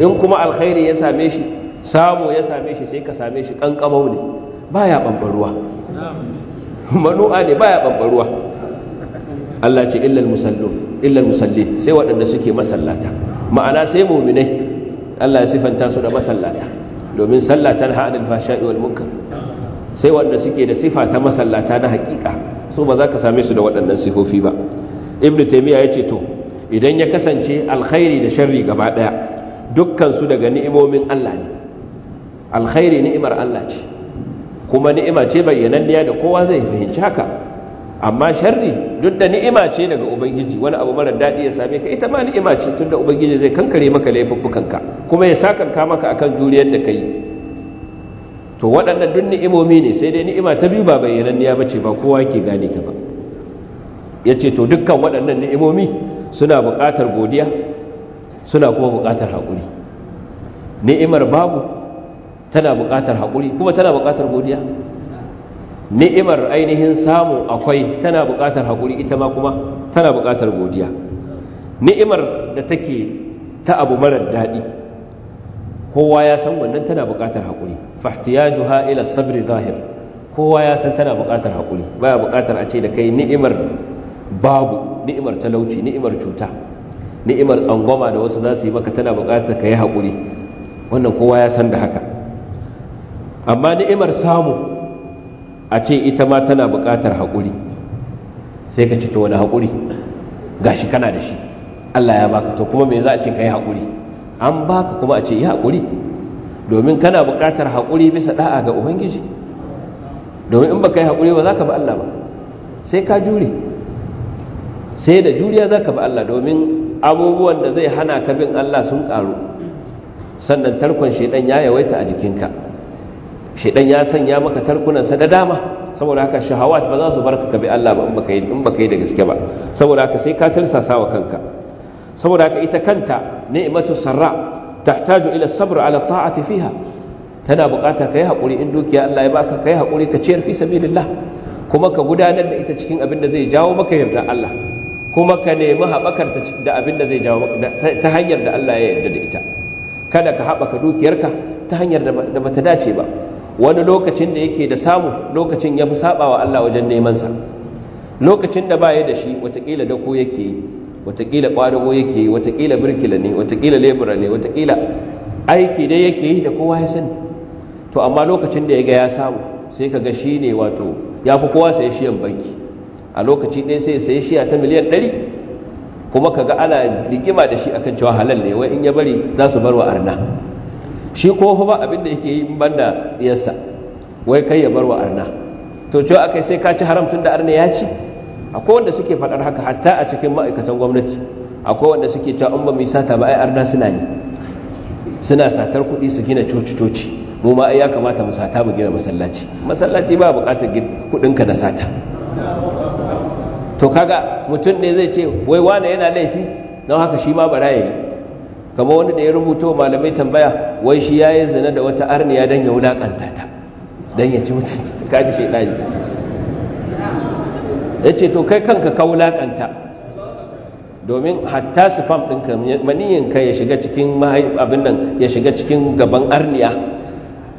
in kuma alkhairi ya same shi samu ya same shi sai ka same shi ƙanƙamau ne Ba ya bambaruwa manu'a ne ba ya bambaruwa Allah ce illal musallin illal musallin sai waɗanda suke masallata ma'ana sai mu'minai Allah ya sifanta su da masallata domin sallah tanha anil fahsha'i wal sai wanda suke da sifa ta masallata na hakika so ba za ka same su da waɗannan sifofi ba ibnu taymiya ya ce to idan ya kasance alkhairi da sharri gaba ɗaya dukkansu daga ni'imomin Allah ne alkhairi ni'imar Allah ce kuma ni'ima ce bayyananniya da kowa zai fahimci haka amma sharri duk da ni'ima ce daga ubangiji wani abu mara daɗi ya same ka ita ma ni'ima ce tunda ubangiji zai kankare maka laifuffukanka kuma ya ka maka akan juriyar da kai to waɗannan duk ni'imomi ne sai dai ni'ima ta biyu ba bayyananniya bace ba kowa yake gane ta ba yace to dukkan waɗannan ni'imomi suna buƙatar godiya suna kuma buƙatar haƙuri ni'imar babu tana buƙatar haƙuri kuma tana buƙatar godiya ni'imar ainihin samu akwai tana buƙatar haƙuri ita ma kuma tana buƙatar godiya ni'imar da take ta abu marar daɗi kowa ya san wannan tana buƙatar haƙuri fahtiyajuha ila sabri zahir kowa ya san tana buƙatar haƙuri baya buƙatar a ce da kai ni'imar babu ni'imar talauci ni'imar cuta ni'imar tsangwama da wasu za su yi maka tana buƙatar ka yi haƙuri wannan kowa ya san da haka amma ni'imar samu a ce ita ma tana buƙatar haƙuri sai ka ci to wani haƙuri ga shi kana da shi Allah ya baka to kuma me za a ce ka yi haƙuri an baka kuma a ce yi haƙuri domin kana buƙatar haƙuri bisa ɗa'a ga ubangiji domin in baka yi haƙuri ba za ka bi Allah ba sai ka jure sai da juriya za ka bi Allah domin abubuwan da zai hana ka bin Allah sun ƙaru sannan tarkon shaidan ya yawaita a jikinka shaidan ya sanya maka tarkunansa da dama saboda haka shahawat ba za su barka ka bi Allah ba in ba ka yi da gaske ba saboda haka sai ka tirsasa wa kanka saboda haka ita kanta ni'matu sarra tahtaju ila sabr ala ta'ati fiha tana buƙatar kai hakuri in dukiya Allah ya baka kai hakuri ka ciyar fi sabilillah kuma ka gudanar da ita cikin abin da zai jawo maka yarda Allah kuma ka nemi haɓakar da abin da zai jawo ta hanyar da Allah ya yarda da ita kada ka haɓaka dukiyarka ta hanyar da bata dace ba wani lokacin da yake da samu lokacin ya fi sabawa Allah wajen neman sa lokacin da baya da shi watakila da ko yake yi watakila kwadago yake watakila birkila ne watakila lebura ne watakila aiki dai yake yi da kowa ya sani to amma lokacin da ya ga ya samu sai ka ga shi ne wato ya fi kowa sai shiyan banki a lokaci ɗaya sai sai shiya ta miliyan ɗari kuma ka ga ana rigima da shi akan cewa halal ne wai in ya bari za su bar wa arna shi ko ba abin da yake yi da tsiyarsa wai kai ya bar wa arna to cewa aka sai ka ci haramtun da arna ya ci akwai wanda suke faɗar haka hatta a cikin ma'aikatan gwamnati akwai wanda suke cewa an ba mai sata ba ai arna suna ne suna satar kuɗi su gina coci-coci mu ma ya kamata mu sata mu gina masallaci masallaci ba buƙatar kuɗinka na sata to kaga mutum ne zai ce wai wane yana laifi don haka shi ma bara yayi kamar wani da ya rubuto malamai tambaya wai shi ya yi zina da wata arniya don ya wulaƙanta ta don ya ci mutunci kaji Ya ce to kai kanka ka wulaƙanta, domin hatta sifam ɗinka maniyinka ya shiga cikin abin nan ya shiga cikin gaban arniya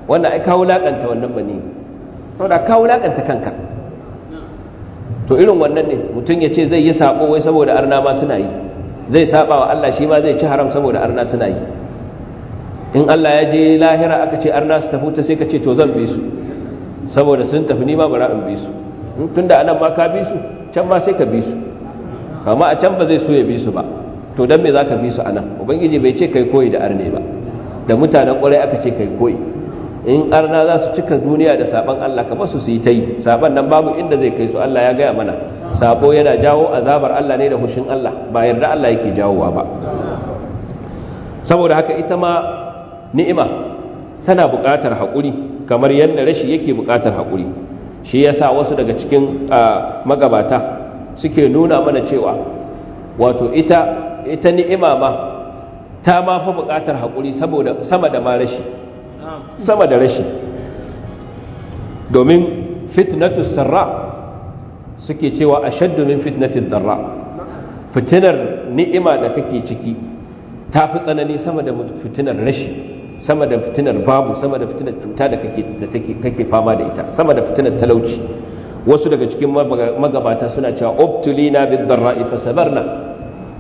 wanda ai ka wulaƙanta wannan mani to da ka wulaƙanta kanka to irin wannan ne mutum ya ce zai yi saƙo wai saboda arna ma suna yi zai saba wa Allah shi ma zai ci haram saboda arna suna yi in Allah ya je lahira aka ce arna su tafi ta sai ka ce to zan bi su saboda sun tafi ni ma bara in bi su in tunda anan ma ka bi su can ma sai ka bi su amma a can ba zai so ya bi su ba to dan me zaka bi su anan ubangiji bai ce kai koyi da arne ba da mutanen kwarai aka ce kai koyi in arna za su cika duniya da saban Allah kamar su su yi ta yi saban nan babu inda zai kai su Allah ya gaya mana sabo yana jawo azabar Allah ne da hushin Allah ba yarda Allah yake jawo wa ba saboda haka ita ma ni'ima tana buƙatar haƙuri kamar yadda rashi yake buƙatar haƙuri shi ya sa wasu daga cikin magabata suke nuna mana cewa wato ita ita ni'ima ma ta ma fa buƙatar haƙuri saboda sama da ma rashi sama da rashi domin fitnatu sarra suke cewa a min fitnatin darra fitinar ni'ima da kake ciki ta fi tsanani sama da fitinar rashi sama da fitinar babu sama da fitinar cuta da kake fama da ita sama da fitinar talauci wasu daga cikin magabata suna cewa obtulina bid darra'i fasabarna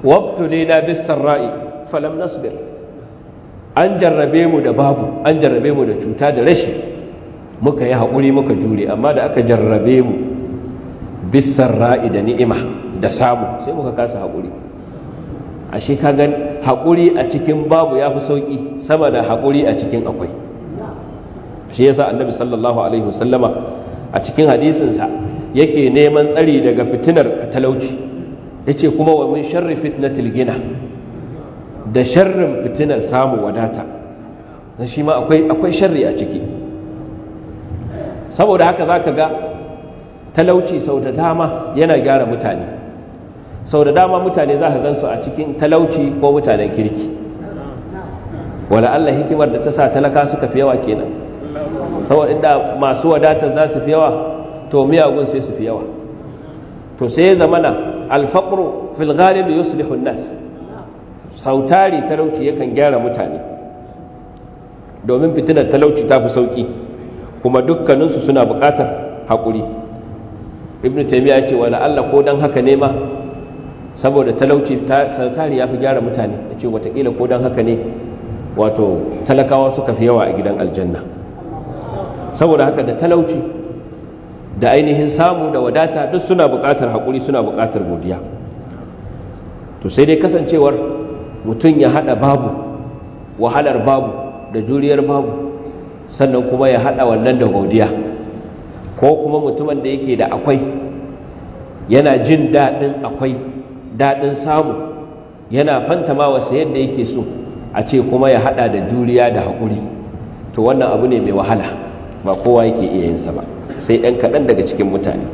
wabtulina bis sarra'i falam nasbir an jarrabe mu da babu an jarrabe mu da cuta da rashi muka yi haƙuri muka jure amma da aka jarrabe mu bisan ra'i da ni'ima da samu sai muka kasa haƙuri ashe ka gan haƙuri a cikin babu ya fi sauƙi sama da haƙuri a cikin akwai shi yasa annabi sallallahu alaihi wasallama a cikin hadisinsa yake neman tsari daga fitinar talauci yace kuma wa min sharri fitnatil gina da sharrin fitinar samu wadata na shi ma akwai sharri a ciki saboda haka za ka ga talauci sau da dama yana gyara mutane sau da dama mutane za ka gansu a cikin talauci ko mutanen kirki wala Allah hikimar da ta sa talaka suka fi yawa kenan saboda inda masu wadata za su fi yawa to miyagun sai su fi yawa to sai ya zamana alfaƙro filgaribi yusuf nas sautari talauci yakan gyara mutane domin fitinar talauci ta fi sauki kuma dukkaninsu suna bukatar haƙuri ibn taimiyya ce wani allah ko don haka ne ma saboda talauci sautari ya fi gyara mutane da ce watakila ko don haka ne wato talakawa suka fi yawa a gidan aljanna saboda haka da talauci da ainihin samu da wadata duk suna buƙatar haƙuri suna bukatar godiya to sai dai kasancewar mutum ya haɗa babu wahalar babu da juriyar babu sannan kuma ya hada wannan da godiya ko kuma mutumin da yake da akwai yana jin daɗin akwai daɗin samu yana fantama wasu yadda yake so a ce kuma ya haɗa da juriya da haƙuri to wannan abu ne mai wahala ba kowa yake iya yinsa ba sai ɗan kaɗan daga cikin mutane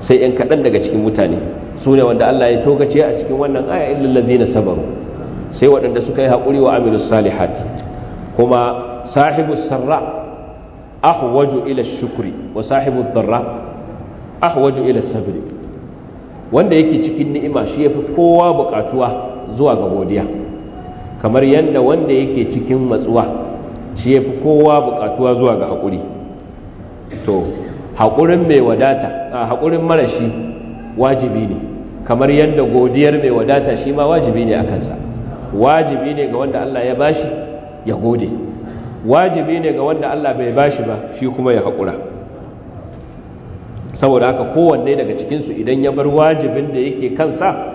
sai ɗan kaɗan daga cikin mutane su ne wanda Allah ya togace a cikin wannan aya na sabaru sai waɗanda suka yi haƙuri wa amilus salihat kuma sahibu sarra ahwaju ila shukri wa sahibu darra ahwaju ila sabri wanda yake cikin ni'ima shi yafi kowa buƙatuwa zuwa ga godiya kamar yadda wanda yake cikin matsuwa shi yafi kowa buƙatuwa zuwa ga haƙuri to haƙurin mai wadata haƙurin marashi wajibi ne kamar yadda godiyar mai wadata shi ma wajibi ne a kansa wajibi ne ga wanda Allah ya bashi ya gode wajibi ne ga wanda Allah bai bashi ba shi kuma ya haƙura saboda haka kowanne daga cikinsu idan ya bar wajibin da yake kansa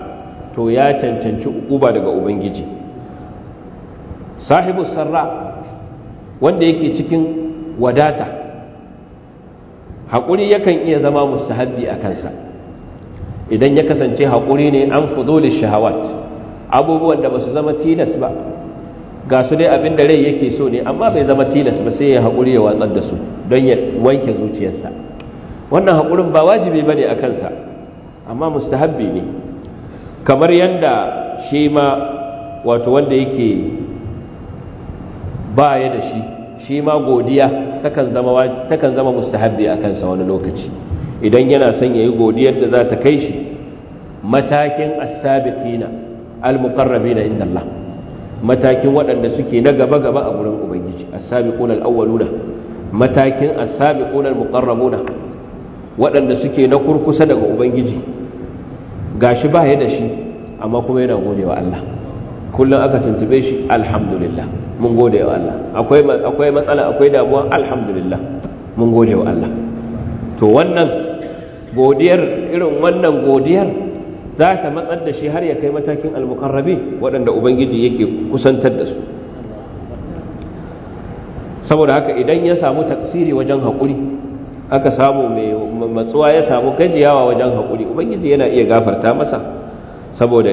to ya cancanci uba daga ubangiji sahibu sarra wanda yake cikin wadata haƙuri yakan iya zama mustahabbi a kansa idan ya kasance haƙuri ne an fudo da shahawat abubuwan da ba su zama tilas ba ga su dai abin da rai yake so ne amma bai zama tilas ba sai ya haƙuri ya watsar da su don ya wanke zuciyarsa wannan haƙurin ba wajibi ba ne a kansa amma mustahabbi ne kamar yadda shi ma wato wanda yake baya da shi shi ma godiya takan zama mustahabbi a kansa wani lokaci idan yana son ya yi godiyar da za ta kai shi matakin asabikina al-muqarrabina inda matakin waɗanda suke na gaba gaba a gurin ubangiji as-sabiquna al-awwaluna matakin as-sabiquna al-muqarrabuna waɗanda suke na kurkusa daga ubangiji gashi ba ya da shi amma kuma yana godewa Allah kullum aka tuntube shi alhamdulillah mun godewa Allah akwai akwai matsala akwai damuwa alhamdulillah mun gode Allah to wannan godiyar irin wannan godiyar za ta matsar da shi har ya kai matakin almukarrabi waɗanda ubangiji yake kusantar da su saboda haka idan ya samu taksiri wajen haƙuri aka samu mai matsuwa ya samu gajiyawa wajen haƙuri ubangiji yana iya gafarta masa saboda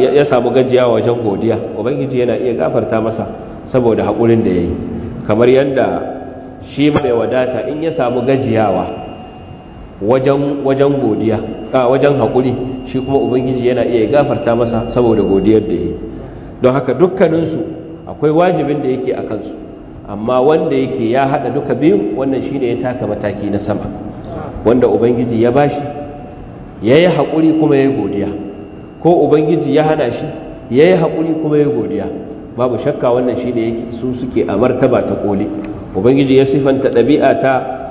ya samu gajiyawa wajen godiya ubangiji yana iya gafarta masa saboda haƙurin da ya yi kamar yadda shi mai wadata in ya samu gajiyawa wajen wajen godiya a wajen hakuri shi kuma ubangiji yana iya gafarta masa saboda godiyar da yi don haka dukkaninsu akwai wajibin da yake a kansu amma wanda yake ya haɗa duka biyu wannan shine ya taka mataki na sama wanda ubangiji ya bashi ya yi haƙuri kuma ya yi godiya ko ubangiji ya hana shi ya yi haƙuri kuma ya yi godiya babu shakka wannan shi ne su suke a martaba ta koli ubangiji ya sifanta ɗabi'a ta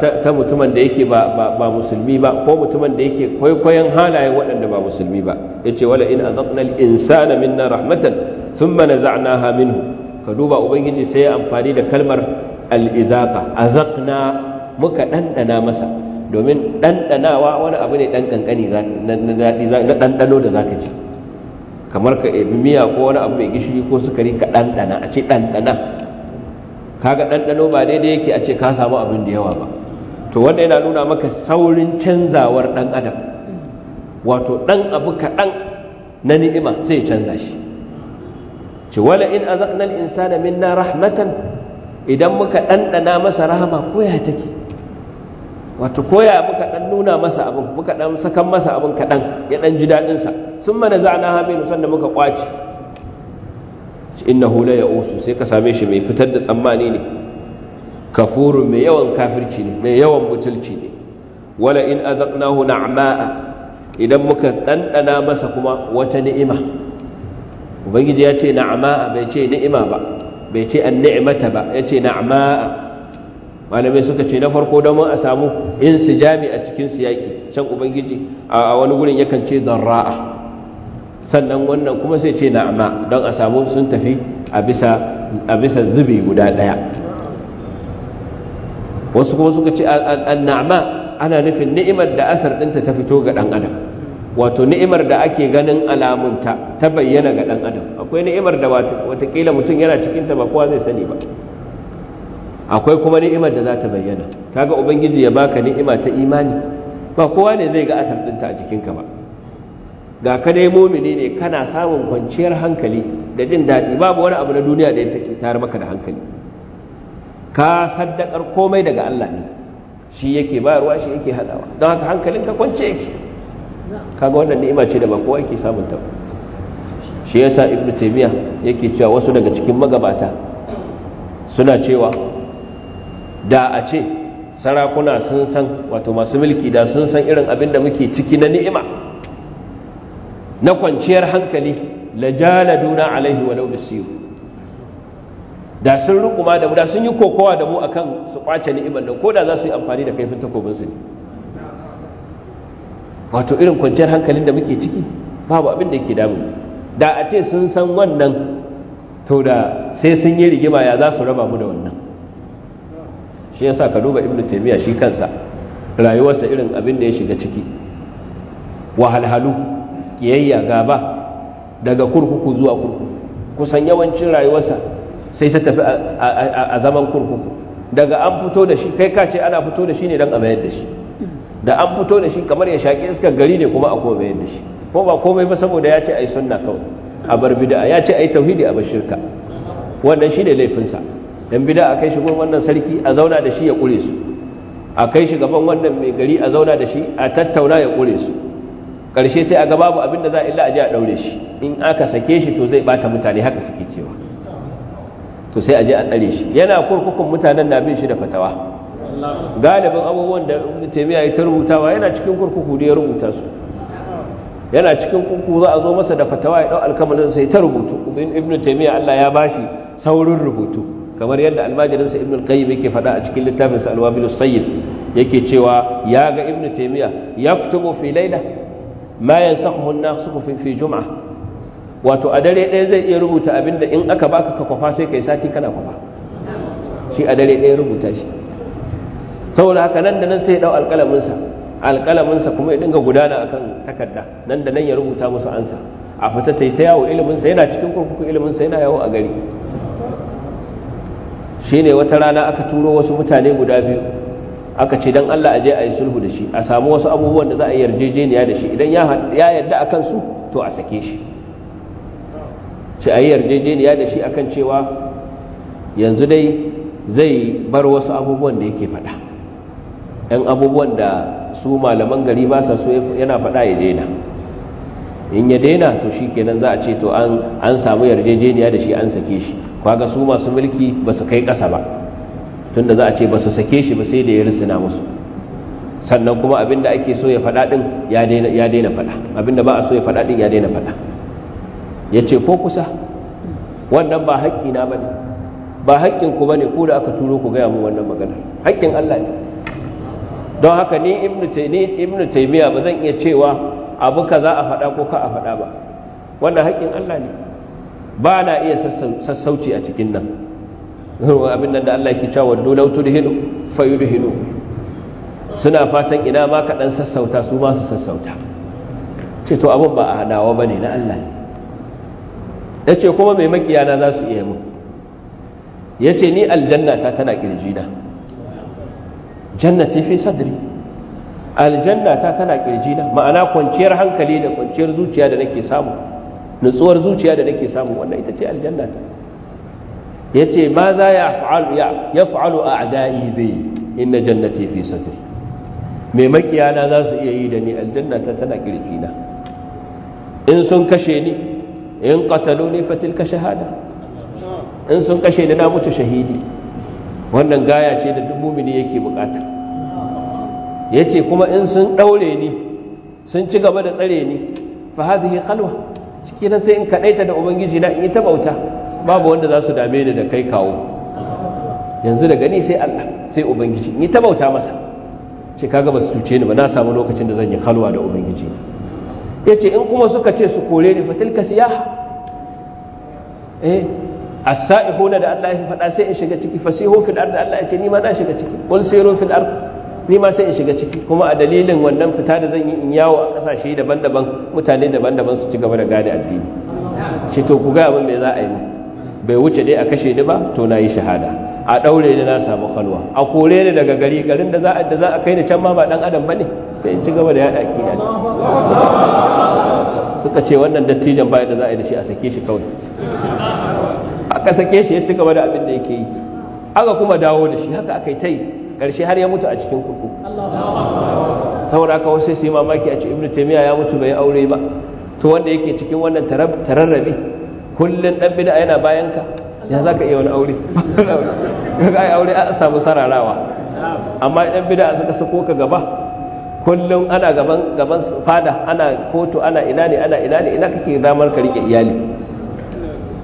ta mutumin da yake ba musulmi ba ko mutumin da yake kwaikwayon halayen waɗanda ba musulmi ba ya ce wala in azabna al'insana minna rahmatan sun mana zana haminu ka duba ubangiji sai ya amfani da kalmar al'izaka azabna muka ɗanɗana masa domin ɗanɗanawa wani abu ne ɗan na ɗanɗano da zaka ci kamar ka ebi miya ko wani abu mai gishiri ko sukari ka ɗanɗana a ce ɗanɗana kaga ɗanɗano ba daidai yake a ce ka samu abin da yawa ba to wanda yana nuna maka saurin canzawar ɗan adam wato ɗan abu kaɗan na ni'ima sai ya canza shi ce wala in azakna al-insana minna rahmatan idan muka ɗanɗana masa rahama koya take wato koya muka ɗan nuna masa abin muka ɗan sakan masa abin kaɗan ya ɗan ji daɗinsa sun mana za'ana hamilu sanda muka ƙwace innahu la ya'usu sai ka same shi mai fitar da tsammani ne kafuru mai yawan kafirci ne mai yawan butulci ne wala in azaqnahu na'ma'a idan muka dandana masa kuma wata ni'ima ubangiji ya ce na'ma'a bai ce ni'ima ba bai ce an-ni'mata ba ya ce na'ma'a malamai suka ce na farko don mun a samu Jami a cikin siyaki can ubangiji a wani gurin yakan ce darra'a sannan wannan kuma sai ce na'ama don a samu sun tafi a bisa zubi guda ɗaya wasu kuma suka ce na'ama ana nufin ni'imar da asar ɗinta ta fito ga ɗan adam wato ni'imar da ake ganin alamunta ta bayyana ga ɗan adam akwai ni'imar da watakila mutum yana cikinta ba kowa zai sani ba akwai kuma ni'imar da za ta bayyana kaga ubangiji ya baka ni'ima ta imani ba kowa ne zai ga asar ɗinta a jikinka ba ga ka dai momini ne kana samun kwanciyar hankali da jin daɗi babu wani abu na duniya da ya take tare maka da hankali ka saddakar komai daga Allah ne shi yake bayarwa shi yake hadawa don haka hankalin ka kwance yake kaga wannan ni'ima ce da ba kowa yake samun ta shi yasa ibnu taymiya yake cewa wasu daga cikin magabata suna cewa da a ce sarakuna sun san wato masu mulki da sun san irin abin da muke ciki na ni'ima na kwanciyar hankali la duna alaihi walau siyu da sun rukuma da mu da sun yi kokowa da mu akan su kwace ni'imar nan ko da za su yi amfani da kaifin takobin su wato irin kwanciyar hankalin da muke ciki babu abin da yake damu da a ce sun san wannan to da sai sun yi rigima ya za su raba mu da wannan shi yasa ka duba ibnu taymiya shi kansa rayuwarsa irin abin da ya shiga ciki wahalhalu kiyayya gaba daga kurkuku zuwa kurkuku kusan yawancin rayuwarsa sai ta tafi a zaman kurkuku daga an fito da shi kai kace ana fito da shi ne don a da shi da an fito da shi kamar ya shaƙi iskar gari ne kuma a kome da shi ko ba komai ba saboda ya ce a yi sunna kawai a bar bida ya ce a yi tauhidi a bar shirka wannan shi ne laifinsa dan bida a kai shi gurin wannan sarki a zauna da shi ya kure su a kai shi gaban wannan mai gari a zauna da shi a tattauna ya kure su Karshe sai a ga babu abin da za a illa a je a ɗaure shi in aka sake shi to zai bata mutane haka suke cewa to sai a a tsare shi yana kurkukun mutanen na bin shi da fatawa galibin abubuwan da ibn taymiya ya rubutawa yana cikin kurkuku da ya rubuta su yana cikin kurkuku za a zo masa da fatawa ya dau alkamalin sai ta rubutu ibn Allah ya bashi saurin rubutu kamar yadda almajirinsa sa ibn al yake faɗa a cikin littafin sa al sayyid yake cewa ya ga ibn ya yaktubu fi layla ma yansakhu an-nasu fi jum'a wato a dare ɗaya zai iya rubuta abinda in aka baka ka kwafa sai kai sati kana kwafa shi a dare ɗaya rubuta shi saboda haka nan da nan sai ya dau alƙalamin sa kuma ya dinga gudana akan takarda nan da nan ya rubuta musu ansa a fita ta yi ta yawo iliminsa yana cikin kurkuku iliminsa yana yawo a gari shi wata rana aka turo wasu mutane guda biyu aka ce don Allah a je a yi sulhu da shi a samu wasu abubuwan da za a yarjejeniya da shi idan ya yarda a kansu to a sake shi ce a yi yarjejeniya da shi akan cewa yanzu dai zai bar wasu abubuwan da yake faɗa yan abubuwan da su malaman gari ba sa so yana faɗa ya daina in ya daina to shi kenan za a ce to an samu yarjejeniya da shi an sake shi kwaga su masu mulki ba su kai ƙasa ba tunda za a ce ba su sake shi ba sai da ya risina musu sannan kuma abinda ake so ya faɗa ɗin ya daina faɗa abinda ba a so ya faɗa ɗin ya daina faɗa ya ce ko kusa wannan ba haƙƙi na ba ne ba haƙƙin ku ba ne ko da aka turo ku gaya mu wannan maganar haƙƙin Allah ne don haka ni ibnu taimiyya ba zan iya cewa abu ka za a faɗa ko ka a faɗa ba wannan haƙƙin Allah ne ba na iya sassauci a cikin nan abin nan da Allah ke cewa dolau tudhinu fayudhinu suna fatan ina ma ka dan sassauta su ma su sassauta ce to abin ba a hadawa bane na Allah yace kuma mai makiya na za su iya mun yace ni aljanna ta tana na. jannati fi sadri aljanna ta tana na ma'ana kwanciyar hankali da kwanciyar zuciya da nake samu nutsuwar zuciya da nake samu wannan ita ce aljanna ta ya ce ma za ya fa'alu a ada'i bai inna jannati fi sadri mai makiyana za su iya yi da ni aljanna ta tana na in sun kashe ni in katalo ne ka shahada in sun kashe ni na mutu shahidi wannan gaya ce da duk mumini yake bukata ya ce kuma in sun ɗaure ni sun ci gaba da tsare ni fa hazihi khalwa shi sai in kaɗaita da ubangiji na in yi ta bauta babu wanda za su dame da da kai kawo yanzu da gani sai Allah sai ubangiji ni ta bauta masa ce kaga ba su cuce ni ba na samu lokacin da zan yi halwa da ubangiji ya ce in kuma suka ce su kore ni fatilka siyaha eh asaihuna da Allah ya faɗa sai in shiga ciki fasihu fil ard Allah ya ce ni ma na shiga ciki wal sayru fil ard ni ma sai in shiga ciki kuma a dalilin wannan fita da zan yi in yawo a kasashe daban-daban mutane daban-daban su ci gaba da gane addini ce to ku ga abin me za a yi mu bai wuce dai a kashe ni ba to na yi shahada a daure ni na samu kalwa a kore ni daga gari garin da za a da za a kai ni can ma ba dan adam bane sai in ci gaba da yada akida suka ce wannan dattijan bai da za a yi da shi a sake shi kawai aka sake shi ya ci gaba da abin da yake yi aka kuma dawo da shi haka akai yi tai karshe har ya mutu a cikin kurku saboda aka wasu sai mamaki a ce ibnu taymiya ya mutu bai aure ba to wanda yake cikin wannan tararrabi kullun ɗan bid'a yana bayan ka ya zaka iya wani aure kaga ai aure a samu sararawa amma ɗan bid'a suka sako ka gaba kullun ana gaban gaban fada ana kotu ana ina ne ana ina ne ina kake damar ka rike iyali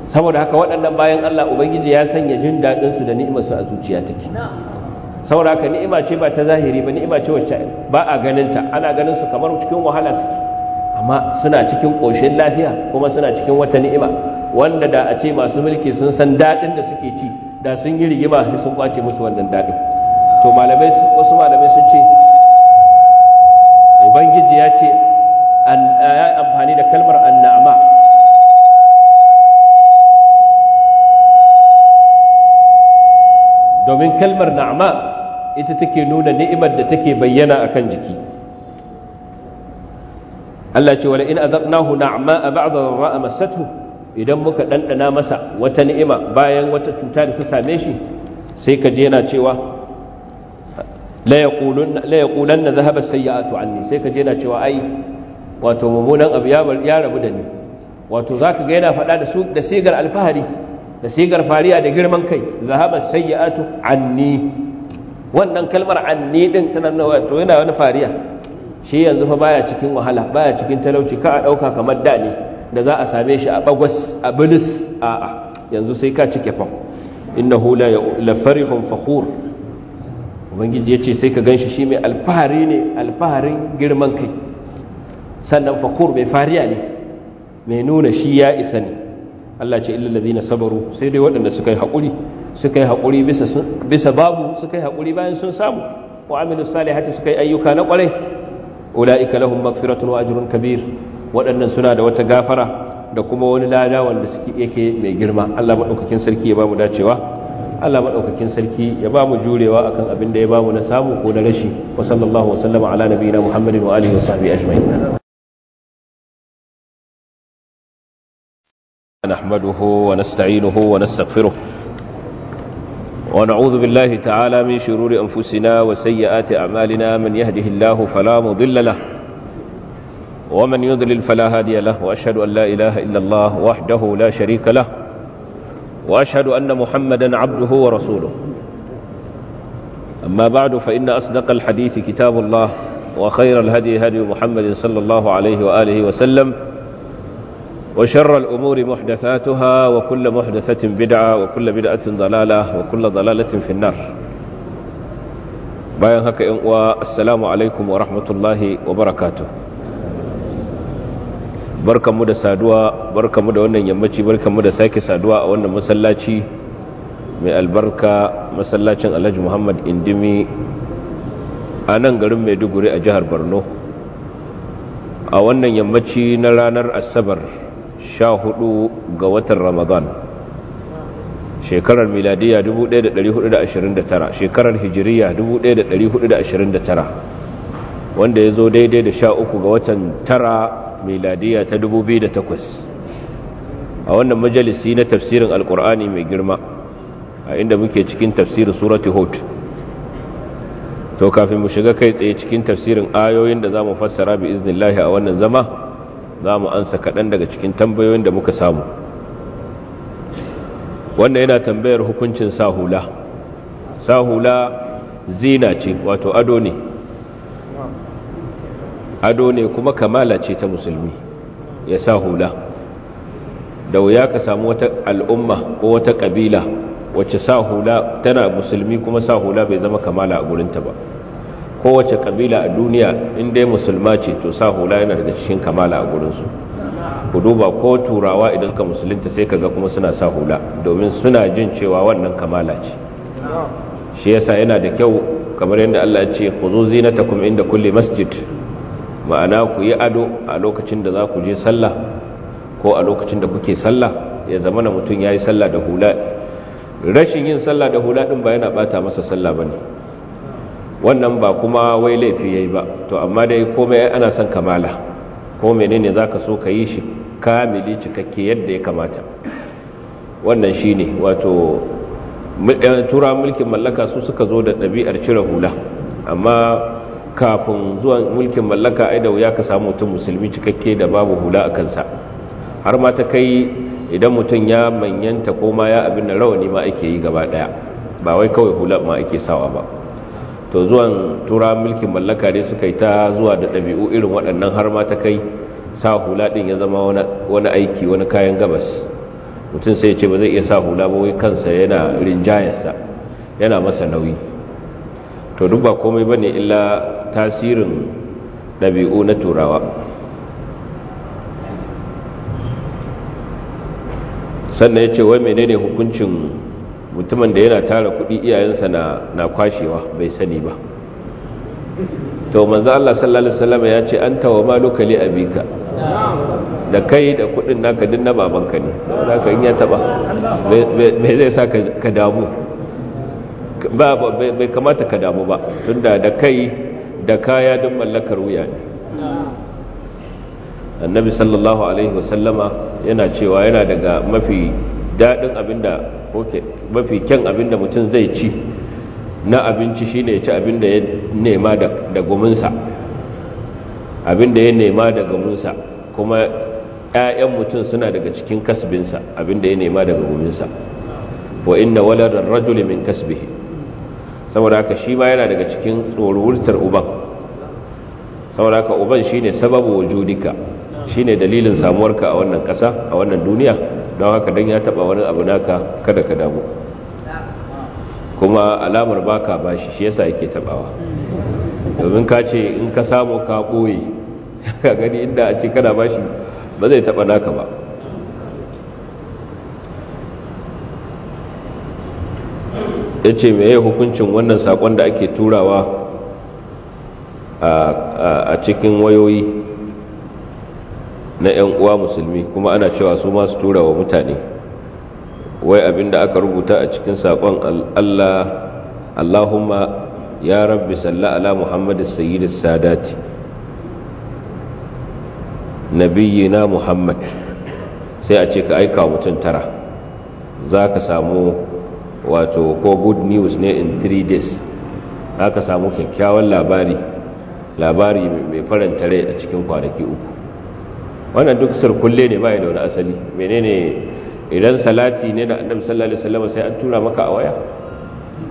saboda haka waɗannan bayan Allah ubangiji ya sanya jin daɗinsu su da ni'imar su a zuciya take saboda haka ni'ima ce ba ta zahiri ba ni'ima ce wacce ba a ganinta ana ganin su kamar cikin wahala suke amma suna cikin ƙoshin lafiya kuma suna cikin wata ni'ima wanda da a ce masu mulki sun san daɗin da suke ci da sun yi rigima sai sun kwace musu wannan daɗin to malamai wasu malamai sun ce ubangiji ya ce ya amfani da kalmar annama domin kalmar na'ama ita take nuna ni'imar da take bayyana akan jiki Allah ce wala in azaqnahu na'ama ba'da a massathu idan muka ɗanɗana masa wata ni'ima bayan wata cuta da ta same shi sai ka je yana cewa laya ƙunan na zahaba sayyi'atu anni sai ka je yana cewa ai wato mummunan abu ya rabu da ni wato ka ga yana faɗa da sigar alfahari da sigar fariya da girman kai zahaba sayyi'atu anni wannan kalmar anni ɗin tana wato yana wani fariya shi yanzu fa baya cikin wahala baya cikin talauci ka a ɗauka kamar da ne da za a same shi a bagwas a bilis a'a yanzu sai ka cike fam inna hula la farihun fakhur ubangiji ce sai ka ganshi shi mai alfahari ne alfaharin girman kai sannan fakhur mai fariya ne mai nuna shi ya isa ne Allah ce illal ladina sabaru sai dai waɗanda suka yi haƙuri suka yi haƙuri bisa bisa babu suka yi haƙuri bayan sun samu wa amilus salihati suka yi ayyuka na ƙwarai ulaika lahum maghfiratun wa ajrun kabir waɗannan suna da wata gafara da kuma wani lada wanda suke yake mai girma Allah maɗaukakin sarki ya bamu dacewa Allah maɗaukakin sarki ya bamu jurewa akan abin da ya bamu na samu ko na rashi wa sallallahu wa sallama ala nabiyina muhammadin wa alihi wa sahbihi ajma'in نحمده ونستعينه ونستغفره ونعوذ بالله تعالى من شرور أنفسنا وسيئات أعمالنا من يهده الله فلا مضل له ومن يضلل فلا هادي له واشهد ان لا اله الا الله وحده لا شريك له واشهد ان محمدا عبده ورسوله اما بعد فان اصدق الحديث كتاب الله وخير الهدي هدي محمد صلى الله عليه واله وسلم وشر الامور محدثاتها وكل محدثه بدعه وكل بدعه ضلاله وكل ضلاله في النار bayan هكا السلام عليكم ورحمة الله وبركاته barkamu da saduwa barkamu da wannan yammaci barkamu da sake saduwa a wannan masallaci mai albarka masallacin alhaji muhammad indimi a nan garin maiduguri a jihar borno a wannan yammaci na ranar asabar sha hudu ga watan ramadan shekarar miladiyya 1429 shekarar hijiriya 1429 wanda ya zo daidai da sha uku ga watan tara miladiya ta 2008 a wannan majalisi na tafsirin alkur'ani mai girma a inda muke cikin tafsirin surati hot to kafin mu shiga kai tsaye cikin tafsirin ayoyin da za mu fassara bi iznillahi a wannan zama za mu ansa kaɗan daga cikin tambayoyin da muka samu wannan yana tambayar hukuncin sa hula, sa hula zina ce wato ado ne ado ne kuma kamala ce ta musulmi ya sa hula da wuya ka samu wata al'umma ko wata kabila wacce sa hula tana musulmi kuma sa hula bai zama kamala a gurinta ba kowace kabila a duniya in ya musulma ce to sa hula yana daga cikin kamala a gurinsu ku duba ko turawa idan ka musulinta sai ka ga kuma suna sa hula domin suna jin cewa wannan kamala ce shi yasa yana da kyau kamar yadda Allah ya ce ta kuma inda kulle masjid ma'ana ku yi ado a lokacin da za ku je sallah ko a lokacin da kuke sallah ya zama na mutum ya yi sallah da hula rashin yin sallah da hula ɗin ba yana ɓata masa sallah ba ne wannan ba kuma wai laifi ya yi ba to amma dai komai ana son kamala ko ne za ka so ka yi shi kamili cikakke yadda ya kamata wannan shi ne wato eh, tura mulkin mallaka su suka zo da ɗabi'ar cire hula amma kafin zuwan mulkin mallaka ai da wuya ka samu mutum musulmi cikakke da babu hula a kansa har ma ta kai idan mutum ya manyanta ko ma ya abin da rawani ma ake yi gaba daya ba wai kawai hula ma ake sawa ba to zuwan tura mulkin mallaka ne suka yi ta zuwa da ɗabi'u irin waɗannan har ma ta kai sa hula ɗin ya zama wani aiki wani kayan gabas mutum sai ce ba zai iya sa hula ba wai kansa yana rinjayarsa yana masa nauyi to duk ba komai bane illa tasirin ɗabi'u na turawa sannan ya ce wai menene hukuncin mutumin da yana tara kuɗi iyayensa na kwashewa bai sani ba to manzo Allah sallallahu alaihi wasallam ya ce anta wa maluka li abika da kai da kudin naka din na babanka ne za ka in ya taba me zai sa ka damu ba bai kamata ka damu ba tunda da kai da kaya don mallakar wuya ne annabi sallallahu alaihi wasallama yana cewa yana daga mafi daɗin abinda mafi kyan abinda mutum zai ci na abinci shine ya ci abinda ya nema da guminsa abinda ya nema da guminsa kuma 'ya'yan mutum suna daga cikin kasbinsa abinda ya nema daga guminsa wa inna waladar rajuli min kasbihi saboda haka shi ma yana daga cikin tsoruwurtar uban saboda haka uban shi ne sababu wujudika ne dalilin samuwarka a wannan ƙasa a wannan duniya don haka don ya taba wani abu naka kada ka damu kuma alamar baka bashi shi yasa yake tabawa domin ka ce in ka samu ka ɓoye ka gani inda a ce kana bashi ba zai taba naka ba ya ce mai hukuncin wannan sakon da ake turawa a cikin wayoyi na 'yan uwa musulmi kuma ana cewa su masu turawa mutane wai abinda aka rubuta a cikin sakon Allah Allahumma ya rabbi salla ala Muhammadu Sayyidu sadati na Muhammad sai a ce ka aika mutum tara za ka samu wato ko good news ne in 3 days aka samu kyakkyawan labari labari mai faranta rai a cikin kwanaki uku wannan duk sirkulle ne bai da wani asali menene idan salati ne da annabi sallallahu alaihi wasallam sai an tura maka a waya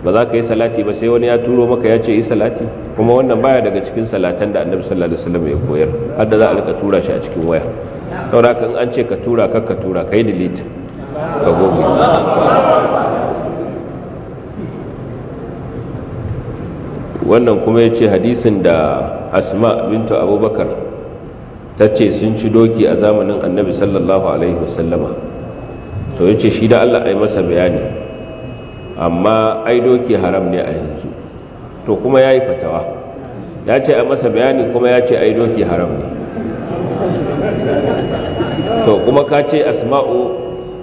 ba za ka yi salati ba sai wani ya turo maka ya ce yi salati kuma wannan baya daga cikin salatan da annabi sallallahu alaihi wasallam ya koyar har da za a rika tura shi a cikin waya saboda kan an ce ka tura kar ka tura kai delete ka gobe wannan kuma ya ce hadisin da asma bintu abubakar ta ce sun ci doki a zamanin annabi sallallahu alaihi wasallama to ya ce shi da allah ai masa bayani amma ai doki haram ne a yanzu to kuma ya yi fatawa ya ce a masa bayani kuma ya ce ai doki haram ne to kuma ka ce asma'u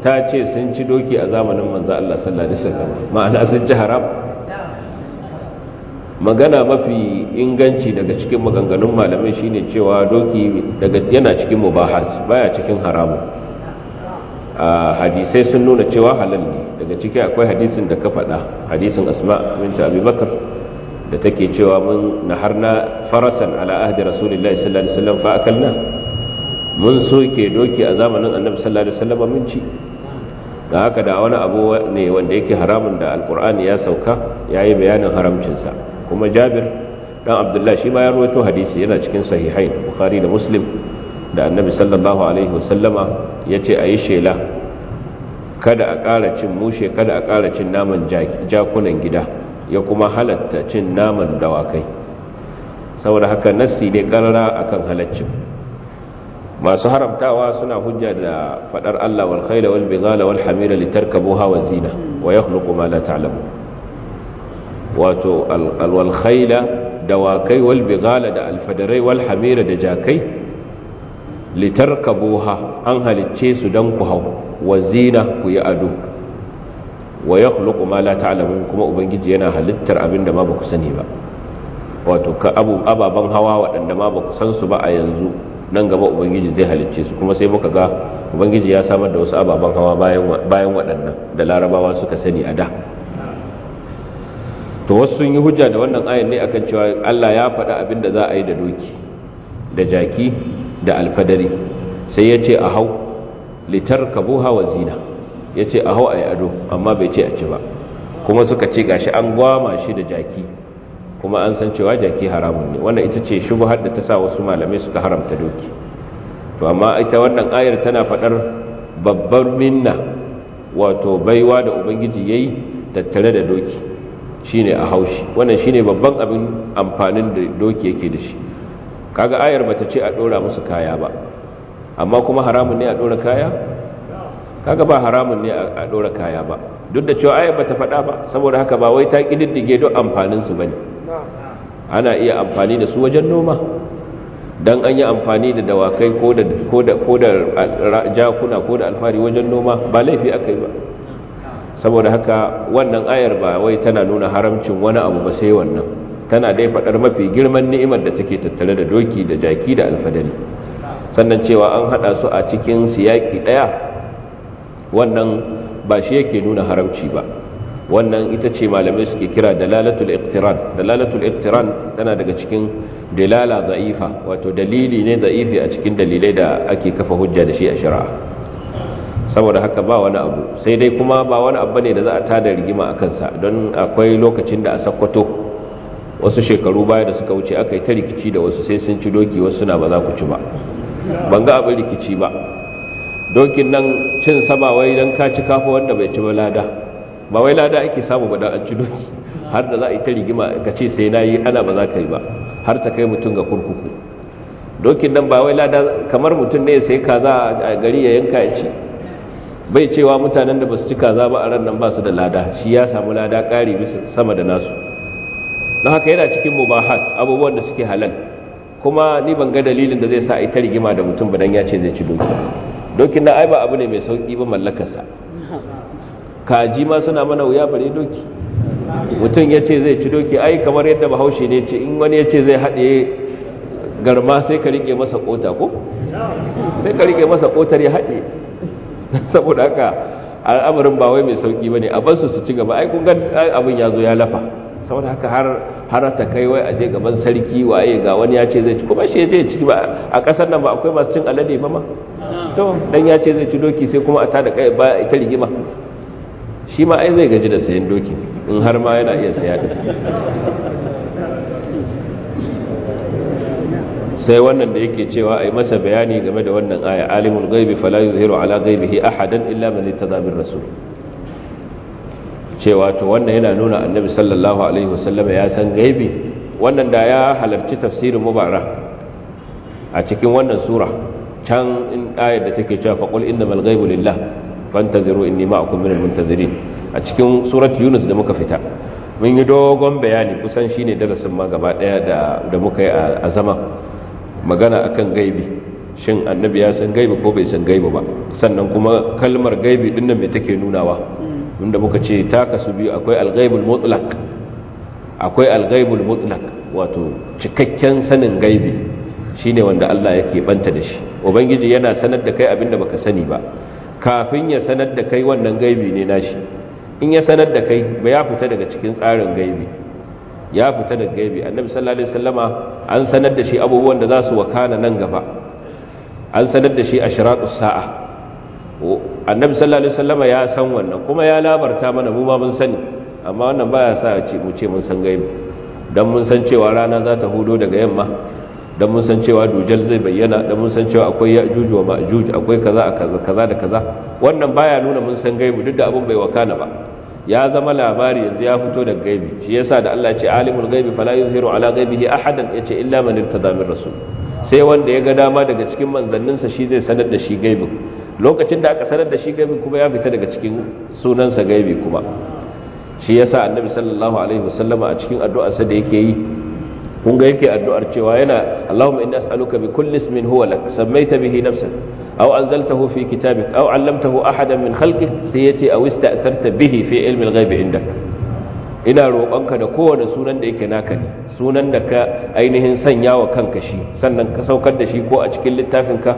ta ce sun ci doki a zamanin manzo allah sallallahu alaihi wasallama ma'ana sun ci haram magana mafi inganci daga cikin maganganun malamai shine cewa doki daga yana cikin mubahat baya cikin haramu hadisai sun nuna cewa halal ne daga ciki akwai hadisin da ka faɗa hadisin asma binta abubakar da take cewa mun naharna farasan ala ahdi rasulullahi sallallahu alaihi wasallam fa akalna mun soke doki a zamanin annabi sallallahu alaihi wasallam mun ci da haka da wani abu ne wanda yake haramun da alkur'ani ya sauka ya yi bayanin haramcinsa kuma jabir dan abdullah shi ma ya rawaito hadisi yana cikin sahihain bukhari da muslim da annabi sallallahu alaihi wasallama yace ayi shela kada a ƙara cin mushe kada a ƙara cin naman jakunan gida ya kuma halatta cin naman dawakai saboda haka nassi ne karara akan halaccin masu haramtawa suna hujja da fadar Allah wal khayla wal bighala wal hamira litarkabuha wa zina wa yakhluqu ma la ta'lamun wato alwalkhaila dawakai walbigala da alfadarai walhamira da jakai litarkabuha an halicce su dan ku hau wazina zina ku yi ado wa yakhluqu ma la ta'lamun kuma ubangiji yana halittar abin da ma ba ku sani ba wato ka abu ababen hawa waɗanda ma ba san su ba a yanzu nan gaba ubangiji zai halicce su kuma sai muka ga ubangiji ya samar da wasu ababen hawa bayan waɗannan da larabawa suka sani a da to wasu sun yi hujja da wannan ayin ne akan cewa Allah ya faɗa abin da za a yi da doki da jaki da alfadari sai ya ce a hau litar kabuha wa zina ya ce a hau a yi ado amma bai ce a ci ba kuma suka ce gashi an gwama shi da jaki kuma an san cewa jaki haramun ne wannan ita ce bu da ta sa wasu malamai suka haramta doki to amma ita wannan ayar tana faɗar babbar minna wato baiwa da ubangiji yayi tattare da doki Shi ne a haushi wannan shi ne babban abin amfanin da doki yake da shi kaga ayar bata ce a dora musu kaya ba amma kuma haramun ne a dora kaya kaga ba haramun ne a dora kaya ba duk da cewa ayar bata faɗa ba saboda haka ba wai ta kididdige duk amfanin su ne. ana iya amfani da su wajen noma Don an yi amfani da dawakai ko da jakuna ko da alfari wajen noma ba laifi yi ba saboda haka wannan ayar ba wai tana nuna haramcin wani abu ba sai wannan tana dai faɗar mafi girman ni'imar da take tattare da doki da jaki da alfadari sannan cewa an haɗa su a cikin siyaki ɗaya wannan ba shi yake nuna haramci ba wannan ita ce malamai suke kira dalalatul iqtiran dalalatul iqtiran tana daga cikin dalala za'ifa wato dalili ne za'ifi a cikin dalilai da ake kafa hujja da shi a shari'a saboda haka ba wani abu sai dai kuma ba wani abu ne da za a tada rigima a kansa don akwai lokacin da a sakwato wasu shekaru baya da suka wuce aka yi ta rikici da wasu sai sun ci doki wasu na ba za ku ci ba ban ga abin rikici ba dokin nan cin saba wai don ka ci kafa wanda bai ci ba lada ba wai lada ake samu ba don an ci doki har da za a yi ta rigima ka ce sai na yi ana ba za ka yi ba har ta kai mutum ga kurkuku dokin nan ba wai lada kamar mutum ne sai kaza a gari ya yanka ya ci bai cewa mutanen da ba su ci kaza ba a ran nan ba su da lada shi ya samu lada ƙari bisa sama da nasu don haka yana cikin mubahat abubuwan da suke halal kuma ni ban ga dalilin da zai sa ita rigima da mutum dan ya ce zai ci doki dokin na ai ba abu ne mai sauki ba mallakarsa kaji ma suna mana wuya bare doki mutum ya ce zai ci doki ai kamar yadda bahaushe ne ce in wani ya ce zai haɗe garma sai ka rike masa kota ko sai ka rike masa kotar ya haɗe saboda haka al'amarin ba wai mai sauki ba ne a basu su ci gaba ai gan abin ya zo ya lafa saboda haka har har ta kai wai a je gaban sarki waye ga wani ya ce zai ci kuma shi ya je ci ba a kasar nan ba akwai masu cin alade ba ma to dan ya ce zai ci doki sai kuma a ta da kai ba ita rigima shi ma ai zai gaji da sayan doki in har ma yana iya saya sai wannan da yake cewa ai masa bayani game da wannan aya alimul ghaibi fala yuzhiru ala ghaibihi ahadan illa zai ittaba bir rasu. cewa to wannan yana nuna annabi sallallahu alaihi wasallam ya san gaibi wannan da ya halarci tafsirin mubarak a cikin wannan sura can in ayar da take cewa faqul innamal ghaibu lillah fantaziru inni ma'akum minal muntazirin a cikin surat yunus da muka fita mun yi dogon bayani kusan shine darasin ma gaba ɗaya da muka yi a zaman magana akan gaibi shin annabi ya san gaibi ko bai san gaibi ba sannan kuma kalmar gaibi din nan me take nunawa inda mm. muka ce ta kasu biyu akwai algaibul ghaibul mutlaq akwai al-ghaibul mutlaq wato cikakken sanin gaibi shine wanda Allah yake banta da shi ubangiji yana sanar da kai abinda baka sani ba kafin ya sanar da kai wannan gaibi ne nashi in ya sanar da kai ba ya fita daga cikin tsarin gaibi ya fita daga gaibi annabi sallallahu alaihi wasallama an sanar da shi abubuwan da za su wakana nan gaba an sanar da shi ashratus sa'a annabi sallallahu alaihi wasallama ya san wannan kuma ya labarta mana mu ma mun sani amma wannan baya sa a ce mu ce mun san gaibi dan mun san cewa rana za ta hudo daga yamma dan mun san cewa dujal zai bayyana dan mun san cewa akwai ya'juj wa ma'juj akwai kaza kaza da kaza wannan baya nuna mun san gaibi duk da abun bai wakana ba ya zama labari yanzu ya fito daga gaibi shi yasa da Allah ce alimul gaibi fala yuzhiru ala gaibihi ahadan yace illa man irtada min rasul sai wanda ya ga dama daga cikin manzanninsa shi zai sanar da shi gaibi lokacin da aka sanar da shi gaibi kuma ya fita daga cikin sunansa gaibi kuma shi yasa annabi sallallahu alaihi wasallama a cikin addu'arsa da yake yi kun ga yake addu'ar cewa yana Allahumma inni as'aluka bi kulli ismin huwa lak sammaita bihi nafsak au aw anzaltahu fi au aw allamtahu ahadan min halki sai yace aw ista'sarta bihi fi ilmi al-ghaib indak ina roƙonka da kowane sunan da yake naka ne sunan da ka ainihin sanya wa kanka shi sannan ka saukar da shi ko a cikin littafin ka.